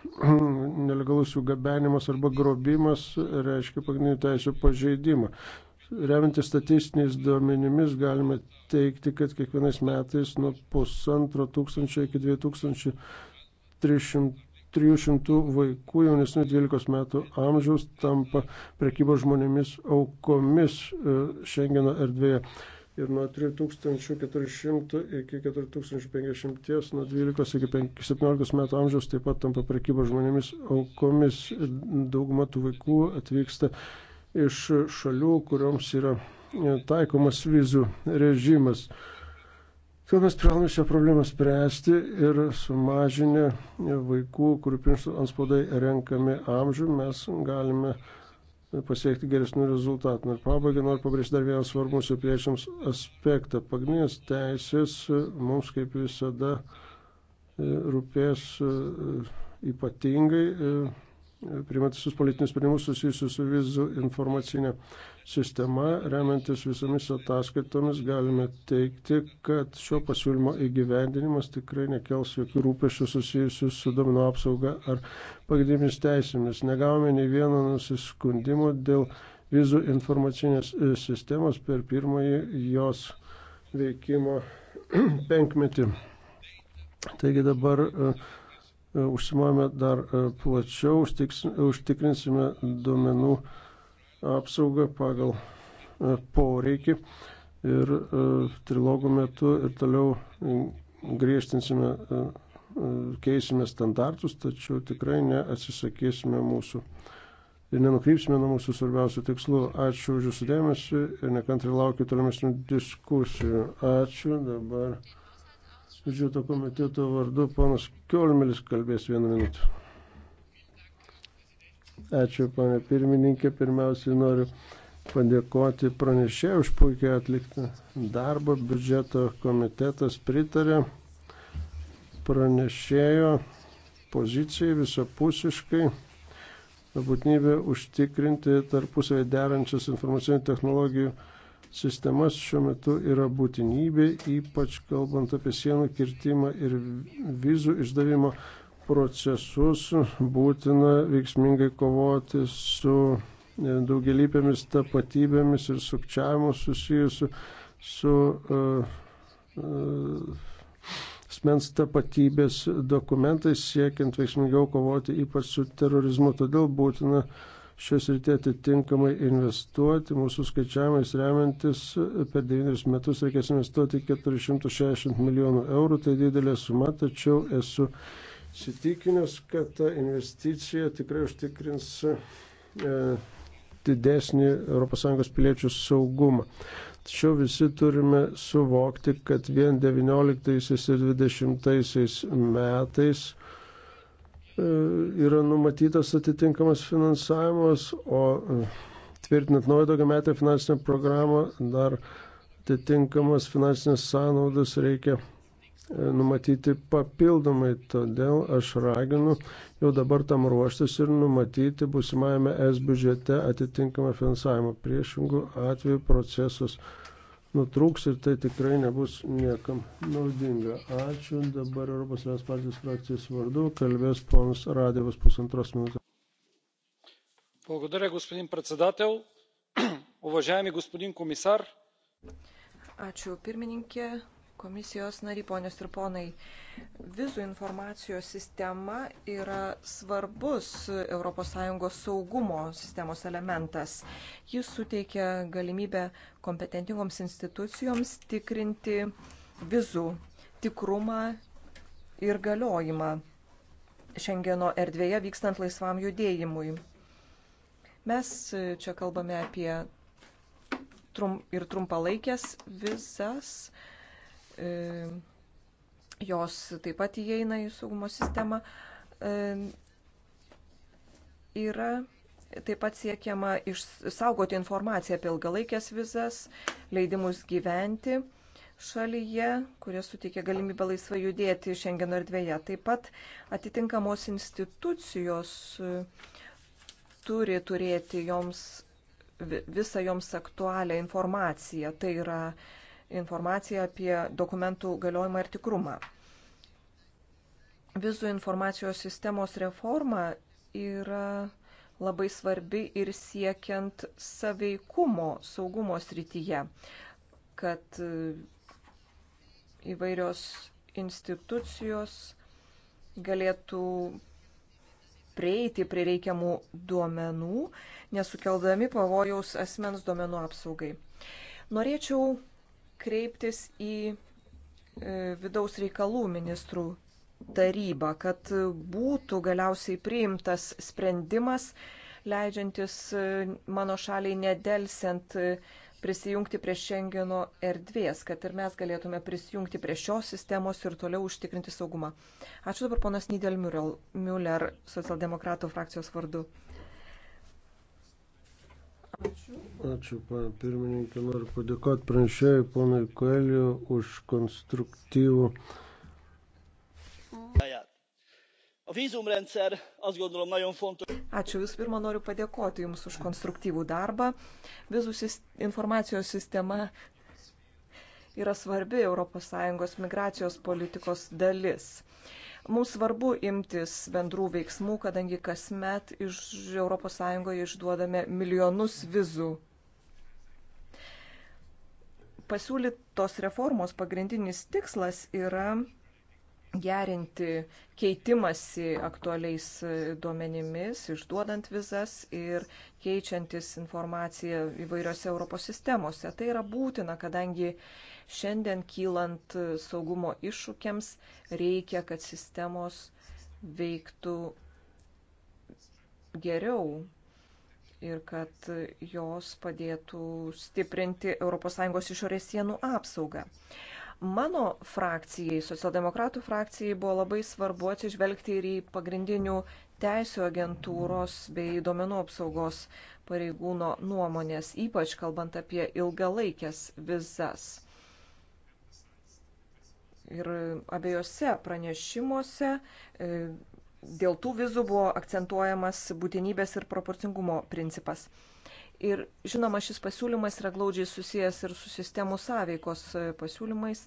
nelegalus jų gabenimas arba grobimas reiškia pagrindinių teisų pažeidimą. Remiantis statistiniais duomenimis galima teikti, kad kiekvienais metais nuo pusantro tūkstančio iki 2300 vaikų jaunesnių 12 metų amžiaus tampa prekybos žmonėmis aukomis e, Šengeno erdvėje. Ir nuo 3400 iki 4050, nuo 12 iki 17 metų amžiaus taip pat tampa prekybos žmonėmis aukomis. Dauguma tų vaikų atvyksta iš šalių, kuriuoms yra e, taikomas vizų režimas. Kad mes privalome šią problemą spręsti ir sumažinę vaikų, kurių pirštų anspaudai renkami amžių, mes galime pasiekti geresnių rezultatų. Ir pabaigai noriu pabrėžti dar vieną svarbų mūsų piliečiams aspektą. Pagrindinės teisės mums kaip visada e, rūpės e, ypatingai priimant visus politinius sprendimus susijusius su vizų informacinė sistema, remiantis visomis ataskaitomis, galime teikti, kad šio pasiūlymo įgyvendinimas tikrai nekels jokių rūpešių susijusių su domino apsauga ar pagrindinėmis teisėmis. Negavome nei vieno nusiskundimo dėl vizų informacinės e, sistemos per pirmąjį jos veikimo penkmetį. Taigi dabar uh, E, užsimojame dar e, plačiau, užtikrinsime duomenų apsaugą pagal e, poreikį ir trilogų metu ir toliau griežtinsime, keisime standartus, tačiau tikrai neatsisakysime mūsų ir nenukrypsime nuo mūsų svarbiausių tikslų. Ačiū už Jūsų dėmesį ir nekantri laukiu tolimesnių diskusijų. Ačiū dabar. Biudžeto komiteto vardu ponas Kiolmelis kalbės vieną minutę. Ačiū, panė pirmininkė. Pirmiausiai noriu padėkoti pranešėjai už puikiai atliktą darbą. Biudžeto komitetas pritarė pranešėjo pozicijai visapusiškai būtinybė užtikrinti tarpusavį derančias informacinių technologijų sistemas šiuo metu yra būtinybė, ypač kalbant apie sienų kirtimą ir vizų išdavimo procesus, būtina veiksmingai kovoti su e, daugelįpėmis tapatybėmis ir sukčiavimu susijusiu su uh, uh, asmens tapatybės dokumentais, siekiant veiksmingiau kovoti ypač su terorizmu. Todėl būtina uh, šios rytė atitinkamai investuoti. Mūsų skaičiavimais remiantis per 9 metus reikės investuoti 460 milijonų eurų, tai didelė suma, tačiau esu sitikinęs, kad ta investicija tikrai užtikrins e, didesnį ES piliečių saugumą. Tačiau visi turime suvokti, kad vien 19 ir 20 metais E, yra numatytas atitinkamas finansavimas, o e, tvirtinant naują daugiametę finansinę programą dar atitinkamas finansinės sąnaudas reikia e, numatyti papildomai. Todėl aš raginu jau dabar tam ruoštis ir numatyti busimajame S biudžete atitinkamą finansavimą. Priešingų atveju procesus nutrūks ir tai tikrai nebus niekam naudinga. Ačiū. Dabar Europos Liaudės partijos frakcijos vardu kalbės ponas Radėvas pusantros minutės. Благодаря, господин председател. Уважаеми господин комисар. Ačiū pirmininkė, Komisijos nariai, ponios ir ponai, vizų informacijos sistema yra svarbus ES saugumo sistemos elementas. Jis suteikia galimybę kompetentingoms institucijoms tikrinti vizų tikrumą ir galiojimą Šengeno erdvėje vykstant laisvam judėjimui. Mes čia kalbame apie trum ir trumpalaikės vizas E, jos taip pat įeina į saugumo sistemą. E, yra taip pat siekiama išsaugoti informaciją apie ilgalaikės vizas, leidimus gyventi šalyje, kurie suteikia galimybę laisvai judėti Šengeno erdvėje. Taip pat atitinkamos institucijos e, turi turėti joms visą joms aktualią informaciją. Tai yra uh, informaciją apie dokumentų galiojimą ir tikrumą. Vizų informacijos sistemos reforma yra labai svarbi ir siekiant saveikumo saugumo srityje, kad e, įvairios institucijos galėtų prieiti prie reikiamų duomenų, nesukeldami pavojaus asmens duomenų apsaugai. Norėčiau kreiptis į e, vidaus reikalų ministrų tarybą, kad būtų galiausiai priimtas sprendimas, leidžiantis e, mano šaliai nedelsiant e, prisijungti prie Schengeno erdvės, kad ir mes galėtume prisijungti prie šios sistemos ir toliau užtikrinti saugumą. Ačiū dabar ponas Nidel Müller, socialdemokratų frakcijos vardu. Ačiū. Ačiū, pana pirmininkė. Noriu padėkoti pranešėjai ponui Koeliu už konstruktyvų. Ačiū. Visų pirma, noriu padėkoti Jums už konstruktyvų darbą. Vizų informacijos sistema yra svarbi ES migracijos politikos dalis. Mums svarbu imtis bendrų veiksmų, kadangi kasmet iš ES išduodame milijonus vizų. Pasiūlytos reformos pagrindinis tikslas yra gerinti keitimasi aktualiais duomenimis, išduodant vizas ir keičiantis informaciją įvairiose Europos sistemose. Tai yra būtina, kadangi Šiandien kylant saugumo iššūkiams reikia, kad sistemos veiktų geriau ir kad jos padėtų stiprinti ES išorės sienų apsaugą. Mano frakcijai, socialdemokratų frakcijai, buvo labai svarbu atsižvelgti ir į pagrindinių teisų agentūros bei duomenų apsaugos pareigūno nuomonės, ypač kalbant apie ilgalaikės vizas. Ir abiejose pranešimuose e, dėl tų vizų buvo akcentuojamas būtinybės ir proporcingumo principas. Ir žinoma, šis pasiūlymas yra glaudžiai susijęs ir su sistemų sąveikos e, pasiūlymais, e,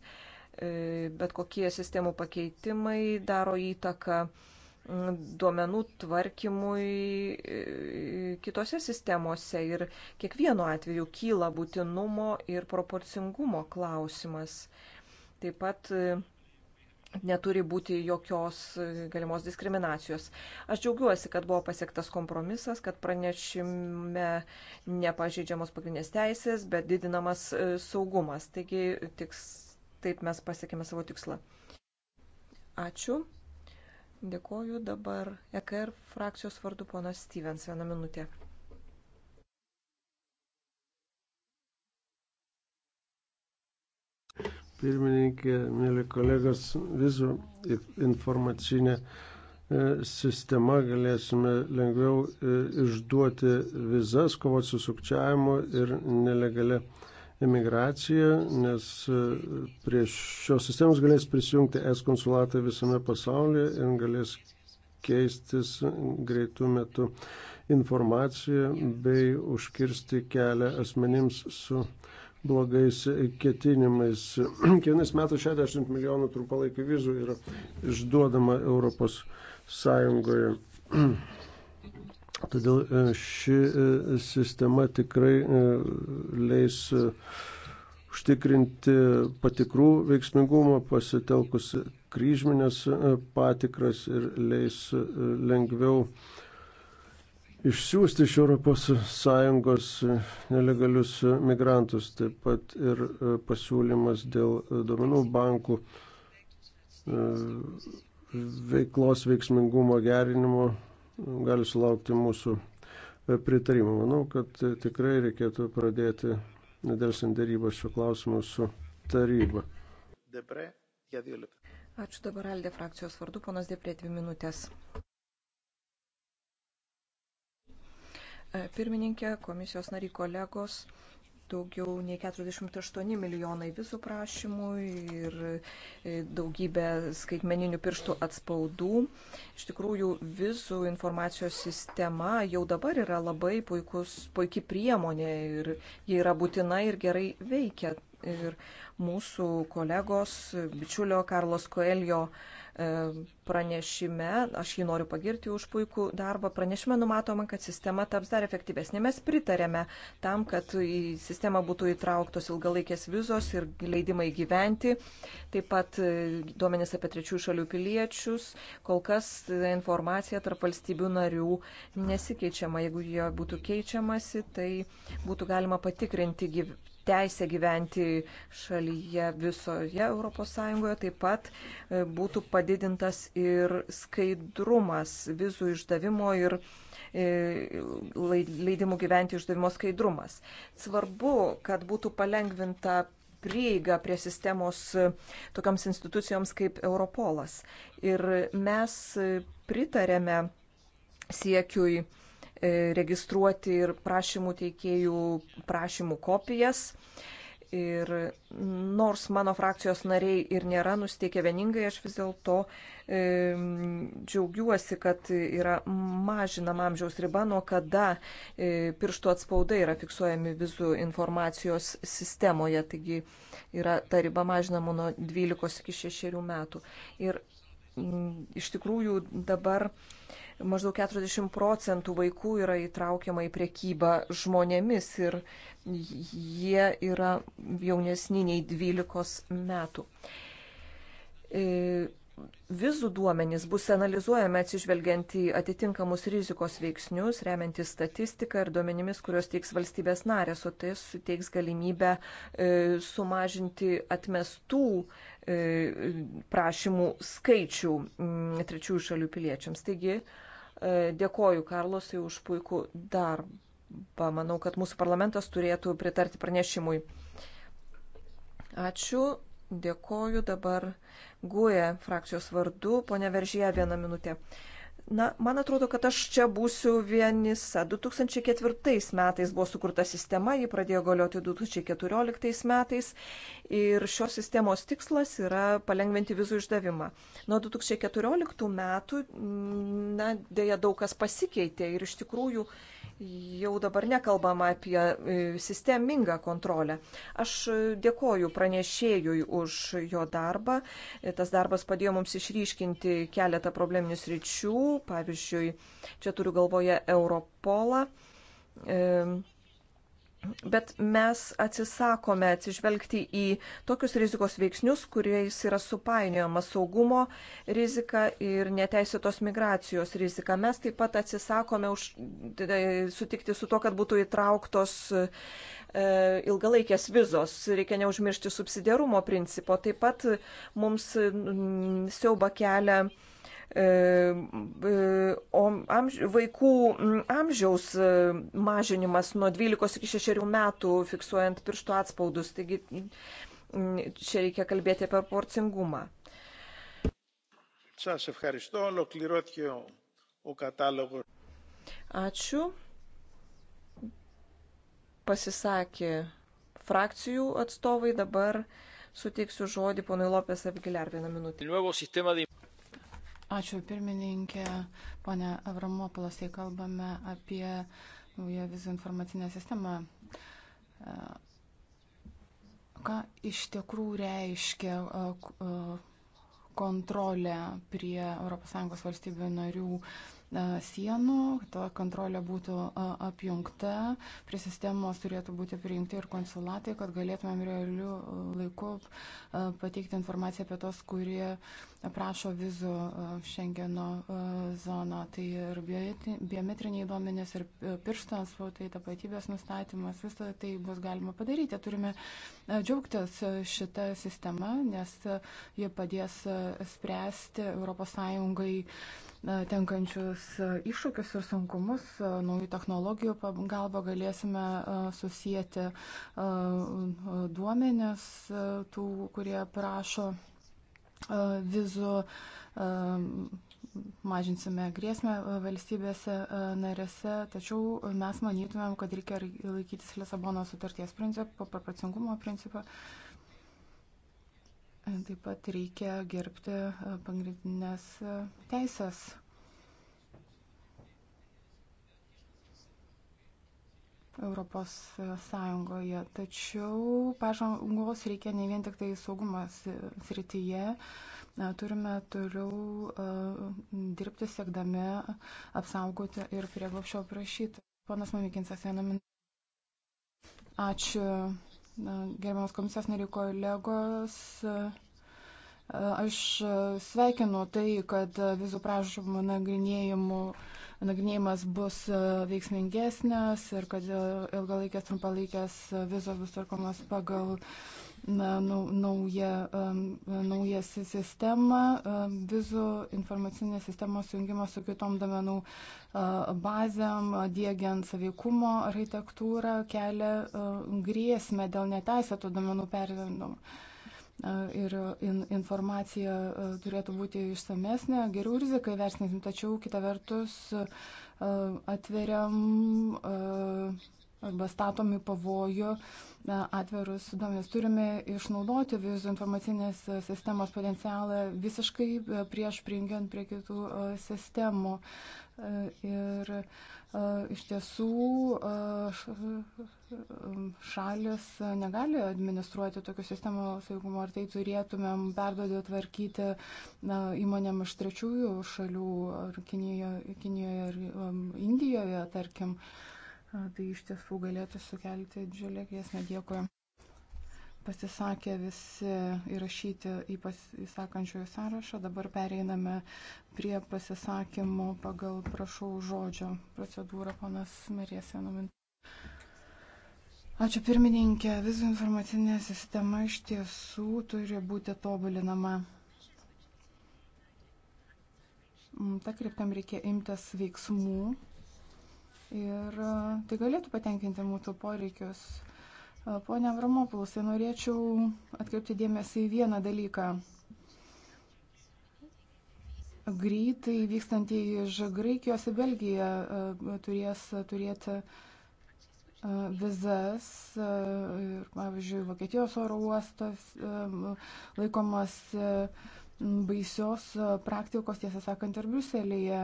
bet kokie sistemų pakeitimai daro įtaką duomenų tvarkymui kitose sistemose ir kiekvienu atveju kyla būtinumo ir proporcingumo klausimas. Taip pat e, neturi būti jokios e, galimos diskriminacijos. Aš džiaugiuosi, kad buvo pasiektas kompromisas, kad pranešime nepažeidžiamos pagrindinės teisės, bet didinamas e, saugumas. Taigi tiks, taip mes pasiekėme savo tikslą. Ačiū. Dėkoju dabar EKR frakcijos vardu ponas Stevens. Vieną minutę. pirmininkė, mėly kolegos, vizų informacinė e, sistema galėsime lengviau e, išduoti vizas, kovoti su sukčiavimu ir nelegalia emigracija, nes e, prie šios sistemos galės prisijungti es konsulatai visame pasaulyje ir galės keistis greitų metų informaciją bei užkirsti kelią asmenims su blogais ketinimais. Kiekvienais metais 60 milijonų trumpalaikių vizų yra išduodama Europos Sąjungoje. Todėl e, ši e, sistema tikrai e, leis užtikrinti patikrų veiksmingumą pasitelkus kryžminės patikras ir leis lengviau išsiųsti iš ES nelegalius migrantus, taip pat ir e, pasiūlymas dėl e, duomenų bankų e, veiklos veiksmingumo gerinimo gali sulaukti mūsų pritarimo. Manau, kad tikrai reikėtų pradėti nedelsant darybą šiuo klausimu su taryba. Depre, Ačiū dabar Aldė frakcijos vardu, ponas Deprė, dvi minutės. E, pirmininkė, komisijos nariai kolegos. Daugiau nei 48 milijonai visų prašymų ir e, daugybė skaitmeninių pirštų atspaudų. Iš tikrųjų, visų informacijos sistema jau dabar yra labai puikus, puikiai priemonė ir ji yra būtina ir gerai veikia. Ir mūsų kolegos, bičiulio Karlos Koelio uh, E, pranešime, aš jį noriu pagirti už puikų darbą, pranešime numatoma, kad sistema taps dar efektyvesnė. Mes pritarėme tam, kad į sistemą būtų įtrauktos ilgalaikės vizos ir leidimai gyventi, taip pat e, duomenys apie trečių šalių piliečius. Kol kas e, informacija tarp valstybių narių nesikeičiama. Jeigu jo būtų keičiamasi, tai būtų galima patikrinti gyvenimą teisę gyventi šalyje visoje ES, taip pat e, būtų padidintas ir skaidrumas, vizų išdavimo ir e, leidimų gyventi išdavimo skaidrumas. Svarbu, kad būtų palengvinta prieiga prie sistemos e, tokiams institucijoms kaip Europolas. Ir mes pritarėme siekiui E, registruoti ir prašymų teikėjų prašymų kopijas. Ir nors mano frakcijos nariai ir nėra nusteikę vieningai, aš vis dėlto e, džiaugiuosi, kad yra mažinama amžiaus riba, nuo kada e, pirštų atspaudai yra fiksuojami vizų informacijos sistemoje. Taigi yra ta riba mažinama nuo 12 iki 6 metų. Ir iš tikrųjų dabar maždaug 40 procentų vaikų yra įtraukiama į priekybą žmonėmis ir jie yra jaunesni nei 12 metų. E, vizų duomenys bus analizuojami atsižvelgiant į atitinkamus rizikos veiksnius, remiantis statistiką ir duomenimis, kurios teiks valstybės narės, o tai suteiks galimybę e, sumažinti atmestų e, E, prašymų skaičių mm, trečiųjų šalių piliečiams. Taigi, e, dėkoju Karlosui už puikų darbą. Manau, kad mūsų parlamentas turėtų pritarti pranešimui. Ačiū, dėkoju dabar GUE frakcijos vardu. Pone Veržyje, vieną minutę. Na, man atrodo, kad aš čia būsiu vienisa. 2004 metais buvo sukurta sistema, ji pradėjo galioti 2014 metais ir šios sistemos tikslas yra palengventi vizų išdavimą. Nuo 2014 metų, mm, na, dėja daug kas pasikeitė ir iš tikrųjų jau dabar nekalbama apie e, sistemingą kontrolę. Aš e, dėkoju pranešėjui už jo darbą. E, tas darbas padėjo mums išryškinti keletą probleminių sričių. Pavyzdžiui, čia turiu galvoje Europolą. E, Bet mes atsisakome atsižvelgti į tokius rizikos veiksnius, kuriais yra supainiojama saugumo rizika ir neteisėtos migracijos rizika. Mes taip pat atsisakome už, e, sutikti su to, kad būtų įtrauktos e, ilgalaikės vizos. Reikia neužmiršti subsidiarumo principo. Taip pat mums siauba kelia E, e, o amž, vaikų amžiaus e, mažinimas nuo 12 iki 6 metų fiksuojant pirštų atspaudus, taigi čia reikia kalbėti apie proporcingumą. Ačiū. Pasisakė frakcijų atstovai, dabar suteiksiu žodį ponui Lopės Apgiliar vieną minutę. Ačiū pirmininkė, ponė Avramopolas, jei kalbame apie naują vizų informacinę sistemą. E, ką iš tikrųjų reiškia e, e, kontrolė prie ES valstybių narių sienų, ta kontrolė būtų apjungta, prie sistemos turėtų būti priimti ir konsulatai, kad galėtumėm realiu laiku pateikti informaciją apie tos, kurie prašo vizų Schengeno zoną. Tai ir biometriniai duomenės, ir piršto anspautai, tapatybės nustatymas, visą tai bus galima padaryti. Turime džiaugtis šitą sistemą, nes ji padės spręsti ES tenkančius e, iššūkius ir sunkumus e, naujų technologijų pagalba galėsime e, susijęti duomenis tų, kurie prašo vizų, mažinsime grėsmę valstybėse narėse, tačiau mes manytumėm, kad reikia laikytis Lisabono sutarties principo, proporcingumo principo. principo Taip pat reikia gerbti e, pagrindinės e, teisės. Europos e, Sąjungoje. Tačiau pažangos reikia ne vien tik tai saugumas srityje. Turime toliau dirbti siekdami apsaugoti ir prieglopšio prašyti. Ponas Mamikinsas, vieną minutę. Ačiū gerbiamas komisijos narių kolegos. Aš sveikinu tai, kad vizų prašymų nagrinėjimas bus veiksmingesnės ir kad ilgalaikės, trumpalaikės vizos bus tvarkomos pagal uh, naują, naują sistemą, vizų informacinės sistemos jungimą su kitom domenų bazėm, dėgiant saveikumo architektūrą, kelia grėsmę dėl neteisėtų domenų pervedimo. Ir informacija turėtų būti išsamesnė, geriau rizikai versinsim, tačiau kita vertus atveriam arba statomi pavojų e, atvirus duomenis. Turime išnaudoti vizų informacinės sistemos potencialą visiškai e, prieš pringiant prie kitų e, sistemų. Ir iš tiesų šalis negali administruoti tokių sistemų saugumo, ar tai turėtumėm perduoti tvarkyti įmonėm iš trečiųjų šalių, ar Kinijoje, Kinijoje ar Indijoje, tarkim. Uh, tai iš tiesų galėtų sukelti didžiulę grėsmę. Dėkui. Pasisakė visi įrašyti į pasisakančiųjų sąrašą. Dabar pereiname prie pasisakymų pagal prašau žodžio procedūrą, ponas Marijas Janomin. Ačiū pirmininkė. Vizų informacinė sistema iš tiesų turi būti tobulinama. Mm, ta kryptam reikia imtis veiksmų ir e, tai galėtų patenkinti mūsų poreikius. E, Pone Avramopulusai, tai norėčiau atkreipti dėmesį į vieną dalyką. Greitai vykstantieji iš Graikijos į Belgiją e, turės turėti vizas ir, pavyzdžiui, Vokietijos oro uostas laikomas baisios praktikos, tiesą sakant, ir Bruselėje.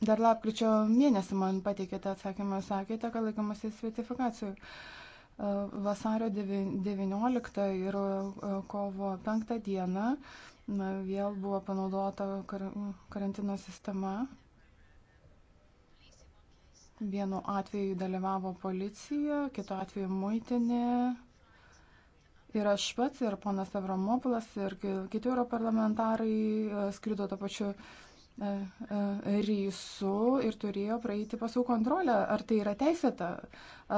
Dar lapkričio mėnesį man pateikėte atsakymą, sakėte, kad laikomasi svetifikacijų e, vasario 19 ir e, kovo 5 dieną na, vėl buvo panaudota kar karantino sistema. Vienu atveju dalyvavo policija, kitu atveju muitinė. Ir aš pats, ir ponas Avramopulas, ir kiti europarlamentarai e, skrido to pačiu uh, E, e, rysu ir turėjo praeiti pasų kontrolę. Ar tai yra teisėta?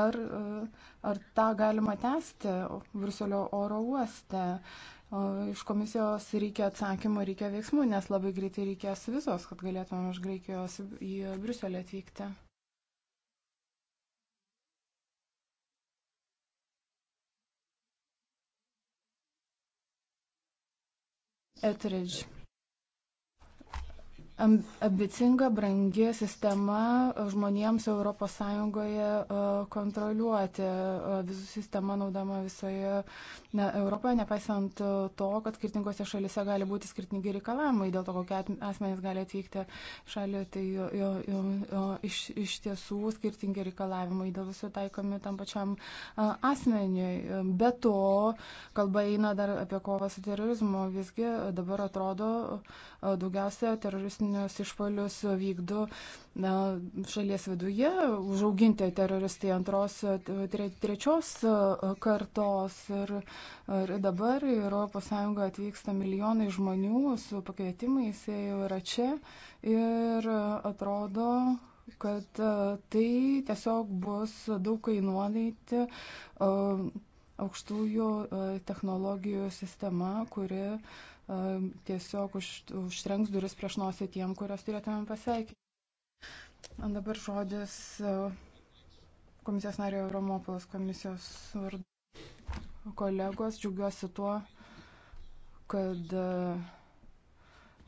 Ar, e, ar tą galima tęsti Bruselio oro uoste? Iš komisijos reikia atsakymų, reikia veiksmų, nes labai greitai reikės visos, kad galėtumėm iš Graikijos į Bruselį atvykti. Etridge ambicinga, brangi sistema e, žmonėms ES e, kontroliuoti e, vizų sistemą naudama visoje ne, Europoje, nepaisant to, kad skirtingose šalise gali būti skirtingi reikalavimai dėl to, kokie asmenys gali atvykti šalį, tai jo, jo, jo, iš, iš tiesų skirtingi reikalavimai dėl visų taikomi tam pačiam asmeniui. Be to, kalba eina dar apie kovą su terorizmu, visgi dabar atrodo daugiausia teroristinių teroristinius išpolius vykdo na, šalies viduje, užauginti teroristai antros, tre, trečios e, kartos. Ir, ir dabar į ES atvyksta milijonai žmonių su pakvietimais, jie jau yra čia. Ir atrodo, kad e, tai tiesiog bus daug kainuojanti e, aukštųjų technologijų sistema, kuri uh, tiesiog už, užtrenks duris prieš nosį tiem, kurios turėtumėm pasveikinti. Dabar žodis komisijos nario Romopolas komisijos vardu. Kolegos, džiugiuosi tuo, kad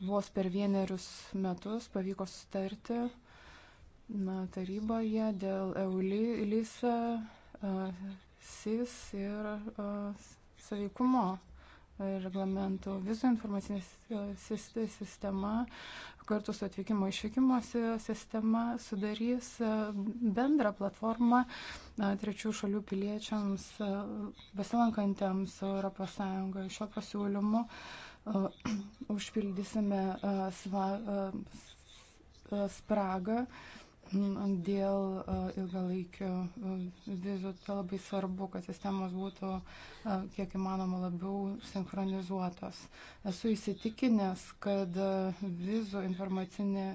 vos per vienerius metus pavyko sustarti na, taryboje dėl EULISA, SIS ir saveikumo reglamentų, vizų informacinė sistema kartu su atvykimo išvykimo sistema sudarys e, bendrą platformą e, trečių šalių piliečiams e, besilankantiems ES. Šio pasiūlymu užpildysime spragą. Uh, Dėl ilgalaikio vizų tai labai svarbu, kad sistemos būtų kiek įmanoma labiau sinchronizuotos. Esu įsitikinęs, kad vizų informacinė